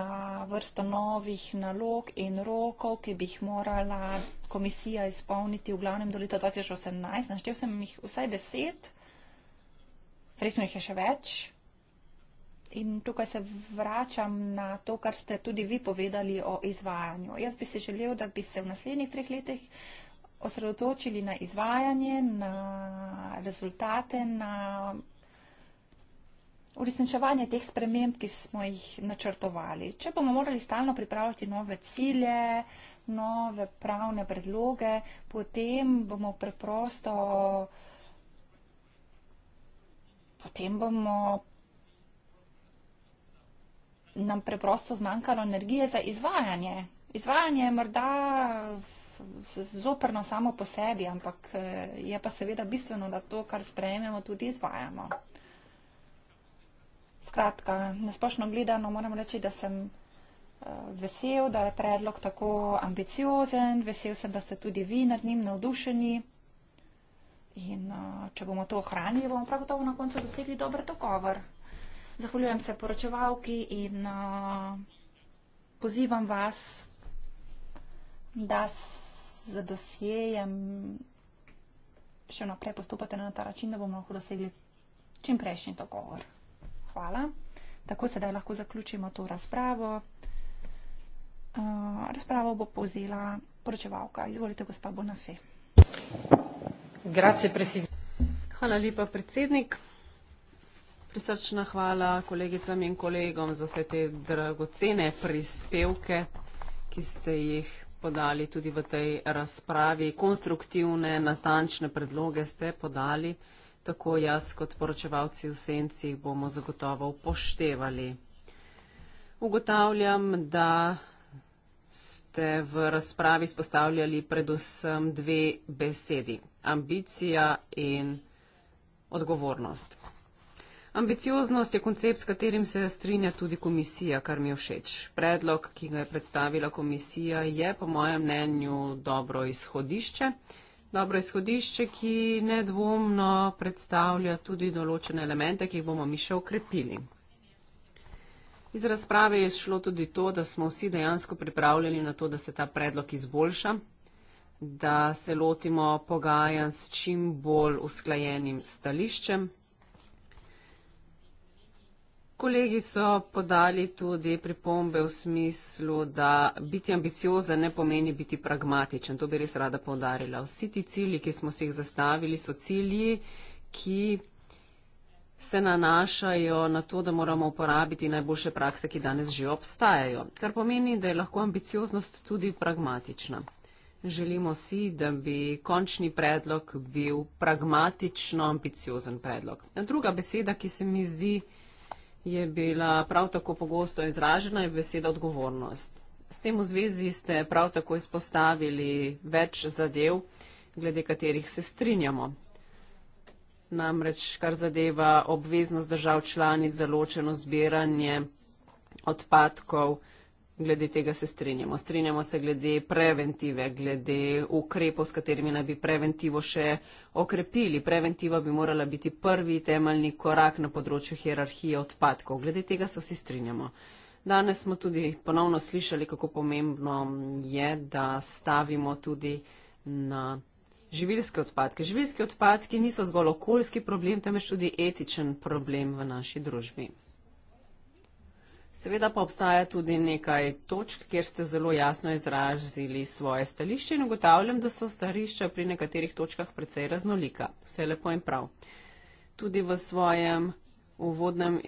vrsto novih nalog in rokov, ki bi jih morala komisija izpolniti v glavnem do leta 2018. Naštel sem jih vsaj deset, verjetno jih je še več. In tukaj se vračam na to, kar ste tudi vi povedali o izvajanju. Jaz bi si želel, da bi se v naslednjih treh letih osredotočili na izvajanje, na rezultate, na uresničevanje teh sprememb, ki smo jih načrtovali. Če bomo morali stalno pripravljati nove cilje, nove pravne predloge, potem bomo preprosto potem bomo nam preprosto zmanjkalo energije za izvajanje. Izvajanje je morda v zoprno samo po sebi, ampak eh, je pa seveda bistveno, da to, kar sprejememo, tudi izvajamo. Skratka, nasplošno gledano moram reči, da sem eh, vesel, da je predlog tako ambiciozen, vesel sem, da ste tudi vi nad njim navdušeni. In eh, če bomo to ohranili, bomo prav gotovo na koncu dosegli dober dogovor. Zahvaljujem se poročevalki in uh, pozivam vas, da z dosjejem še naprej postopate na ta račin, da bomo lahko dosegli čim prejšnji dogovor. Hvala. Tako sedaj lahko zaključimo to razpravo. Uh, razpravo bo povzela poročevalka. Izvolite, gospa Bonafe. Grazie, presidnik. Hvala lepa, predsednik. Prisrčna hvala kolegicam in kolegom za vse te dragocene prispevke, ki ste jih podali tudi v tej razpravi. Konstruktivne, natančne predloge ste podali, tako jaz kot poročevalci v Senci bomo zagotovo upoštevali. Ugotavljam, da ste v razpravi spostavljali predvsem dve besedi – ambicija in odgovornost. Ambicioznost je koncept, s katerim se strinja tudi komisija, kar mi je všeč. Predlog, ki ga je predstavila komisija, je po mojem mnenju dobro izhodišče. Dobro izhodišče, ki nedvomno predstavlja tudi določene elemente, ki jih bomo mi še okrepili. Iz razprave je šlo tudi to, da smo vsi dejansko pripravljeni na to, da se ta predlog izboljša, da se lotimo pogajanj s čim bolj usklajenim stališčem. Kolegi so podali tudi pripombe v smislu, da biti ambiciozen ne pomeni biti pragmatičen. To bi res rada povdarila. Vsi ti cilji, ki smo si jih zastavili, so cilji, ki se nanašajo na to, da moramo uporabiti najboljše prakse, ki danes že obstajajo. Kar pomeni, da je lahko ambicioznost tudi pragmatična. Želimo si, da bi končni predlog bil pragmatično ambiciozen predlog. Druga beseda, ki se mi zdi, da je je bila prav tako pogosto izražena beseda odgovornost. S tem v zvezi ste prav tako izpostavili več zadev, glede katerih se strinjamo. Namreč, kar zadeva obveznost držav članic za ločeno zbiranje odpadkov, glede tega se strinjamo. Strinjamo se glede preventive, glede ukrepov, s katerimi naj bi preventivo še okrepili. Preventiva bi morala biti prvi temeljni korak na področju hierarhije odpadkov. Glede tega se vsi strinjamo. Danes smo tudi ponovno slišali, kako pomembno je, da stavimo tudi na živilske odpadke. Živilske odpadke niso zgolj okoljski problem, temveč tudi etičen problem v naši družbi. Seveda pa obstaja tudi nekaj točk, kjer ste zelo jasno izrazili svoje stališče in ugotavljam, da so stališča pri nekaterih točkah precej raznolika. Vse lepo in prav. Tudi v svojem uvodnem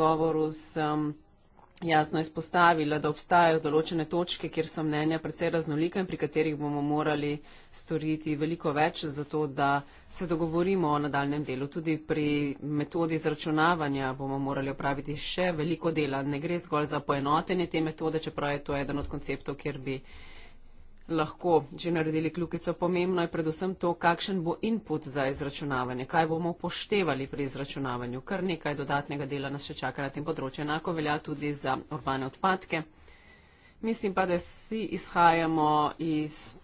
govoru sem. Um, jasno izpostavila, da obstajajo določene točke, kjer so mnenja precej raznolika in pri katerih bomo morali storiti veliko več za to, da se dogovorimo o nadaljem delu. Tudi pri metodi zračunavanja bomo morali opraviti še veliko dela. Ne gre zgolj za poenotenje te metode, čeprav je to eden od konceptov, kjer bi lahko že naredili kljukico. Pomembno je predvsem to, kakšen bo input za izračunavanje, kaj bomo poštevali pri izračunavanju. Kar nekaj dodatnega dela nas še čaka na tem področju. Enako velja tudi za urbane odpadke. Mislim pa, da vsi izhajamo iz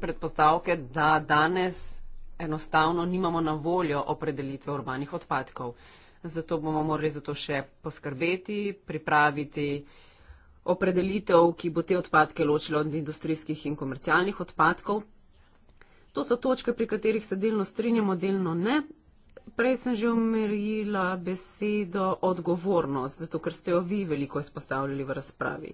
predpostavke, da danes enostavno nimamo na voljo opredelitve urbanih odpadkov. Zato bomo morali za to še poskrbeti, pripraviti opredelitev, ki bo te odpadke ločila od industrijskih in komercialnih odpadkov. To so točke, pri katerih se delno strinjamo, delno ne. Prej sem že omerila besedo odgovornost, zato ker ste jo vi veliko izpostavljali v razpravi.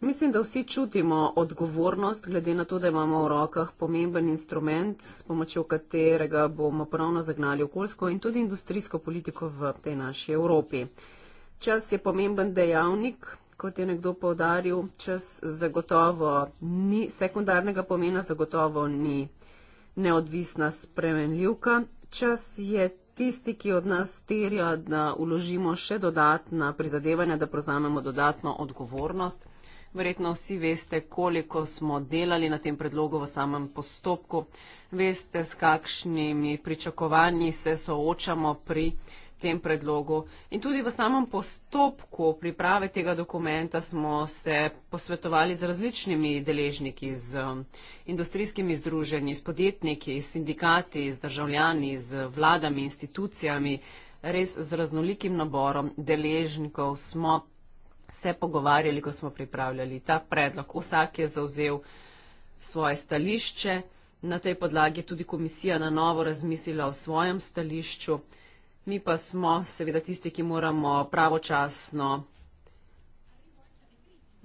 Mislim, da vsi čutimo odgovornost, glede na to, da imamo v rokah pomemben instrument, s pomočjo katerega bomo ponovno zagnali okoljsko in tudi industrijsko politiko v tej naši Evropi. Čas je pomemben dejavnik, kot je nekdo povdaril, čas zagotovo ni sekundarnega pomena, zagotovo ni neodvisna spremenljivka. Čas je tisti, ki od nas terja, da uložimo še dodatna prizadevanja, da prozamemo dodatno odgovornost. Verjetno vsi veste, koliko smo delali na tem predlogu v samem postopku, veste, s kakšnimi pričakovanji se soočamo pri tem predlogu. In tudi v samem postopku priprave tega dokumenta smo se posvetovali z različnimi deležniki, z um, industrijskimi združenji, s podjetniki, s sindikati, z državljani, z vladami, institucijami, res z raznolikim naborom deležnikov smo se pogovarjali, ko smo pripravljali ta predlog. Vsak je zauzel svoje stališče. Na tej podlagi je tudi komisija na novo razmislila o svojem stališču mi pa smo seveda tisti, ki moramo pravočasno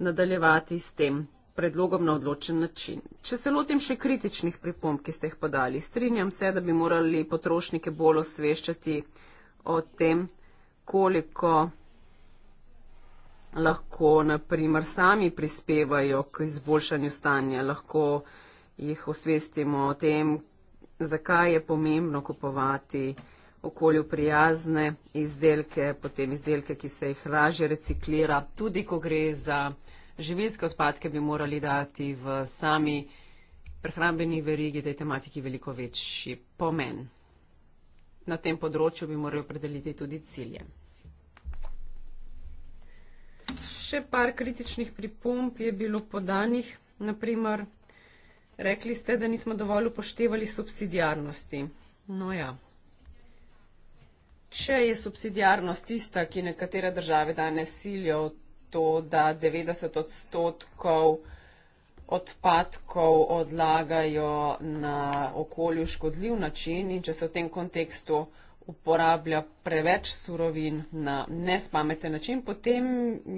nadaljevati s tem predlogom na odločen način. Če se lotim še kritičnih pripomb, ki ste jih podali, strinjam se, da bi morali potrošnike bolj osveščati o tem, koliko lahko naprimer sami prispevajo k izboljšanju stanja, lahko jih osvestimo o tem, zakaj je pomembno kupovati okolju prijazne izdelke, potem izdelke, ki se jih lažje reciklira. Tudi, ko gre za živilske odpadke, bi morali dati v sami prehrambeni verigi tej tematiki veliko večji pomen. Na tem področju bi morali opredeliti tudi cilje. Še par kritičnih pripomb je bilo podanih. Naprimer, rekli ste, da nismo dovolj upoštevali subsidijarnosti. No ja. Če je subsidijarnost tista, ki nekatere države danes silijo to, da 90 odstotkov odpadkov odlagajo na okolju škodljiv način in če se v tem kontekstu uporablja preveč surovin na nespameten način, potem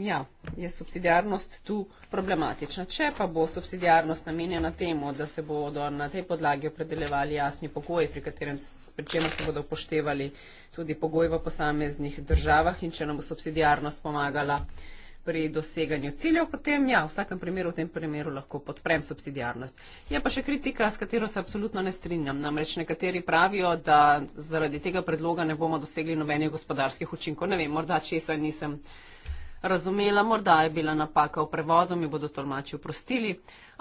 ja, je subsidijarnost tu problematična. Če pa bo subsidijarnost namenjena temu, da se bodo na tej podlagi opredeljevali jasni pogoji, pri katerem pri se bodo upoštevali tudi pogoji v posameznih državah in če nam bo subsidijarnost pomagala pri doseganju ciljev, potem ja, v vsakem primeru, v tem primeru lahko podprem subsidijarnost. Je pa še kritika, s katero se absolutno ne strinjam. Namreč nekateri pravijo, da zaradi tega predloga ne bomo dosegli nobenih gospodarskih učinkov. Ne vem, morda česa nisem razumela, morda je bila napaka v prevodu, mi bodo tolmači oprostili,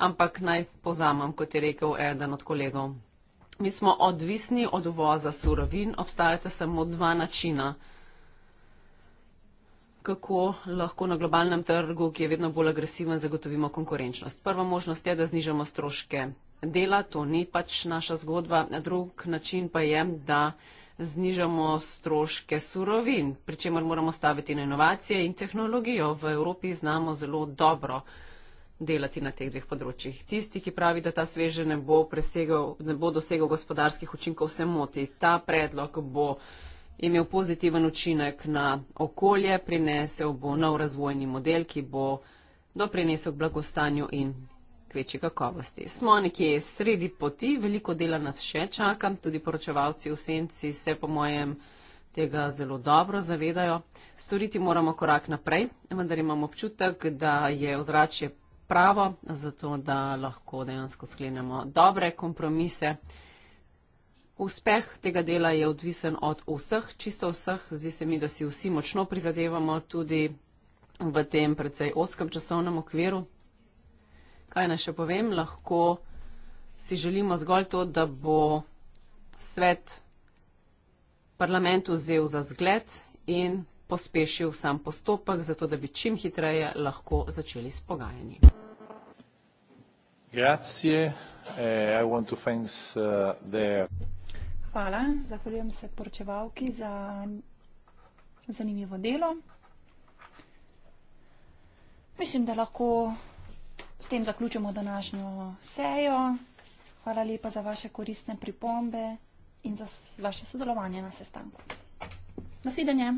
ampak naj povzamem, kot je rekel eden od kolegov. Mi smo odvisni od uvoza surovin, obstajata samo dva načina kako lahko na globalnem trgu, ki je vedno bolj agresiven, zagotovimo konkurenčnost. Prva možnost je, da znižamo stroške dela, to ni pač naša zgodba. Drug način pa je, da znižamo stroške surovin, pri čemer moramo staviti na inovacije in tehnologijo. V Evropi znamo zelo dobro delati na teh dveh področjih. Tisti, ki pravi, da ta sveže ne bo, presegel, ne bo dosegel gospodarskih učinkov, se moti. Ta predlog bo imel pozitiven učinek na okolje, prinesel bo nov razvojni model, ki bo doprinesel k blagostanju in k večji kakovosti. Smo nekje sredi poti, veliko dela nas še čaka, tudi poročevalci v senci se po mojem tega zelo dobro zavedajo. Storiti moramo korak naprej, vendar imamo občutek, da je ozračje pravo, zato da lahko dejansko sklenemo dobre kompromise. Uspeh tega dela je odvisen od vseh, čisto vseh. Zdi se mi, da si vsi močno prizadevamo tudi v tem precej oskem časovnem okviru. Kaj naj še povem? Lahko si želimo zgolj to, da bo svet parlamentu vzel za zgled in pospešil sam postopek, zato da bi čim hitreje lahko začeli s pogajanji. Grazie. Uh, I want to thanks uh, the Hvala, zahvaljujem se poročevalki za zanimivo delo. Mislim, da lahko s tem zaključimo današnjo sejo. Hvala lepa za vaše koristne pripombe in za vaše sodelovanje na sestanku. Nasvidenje.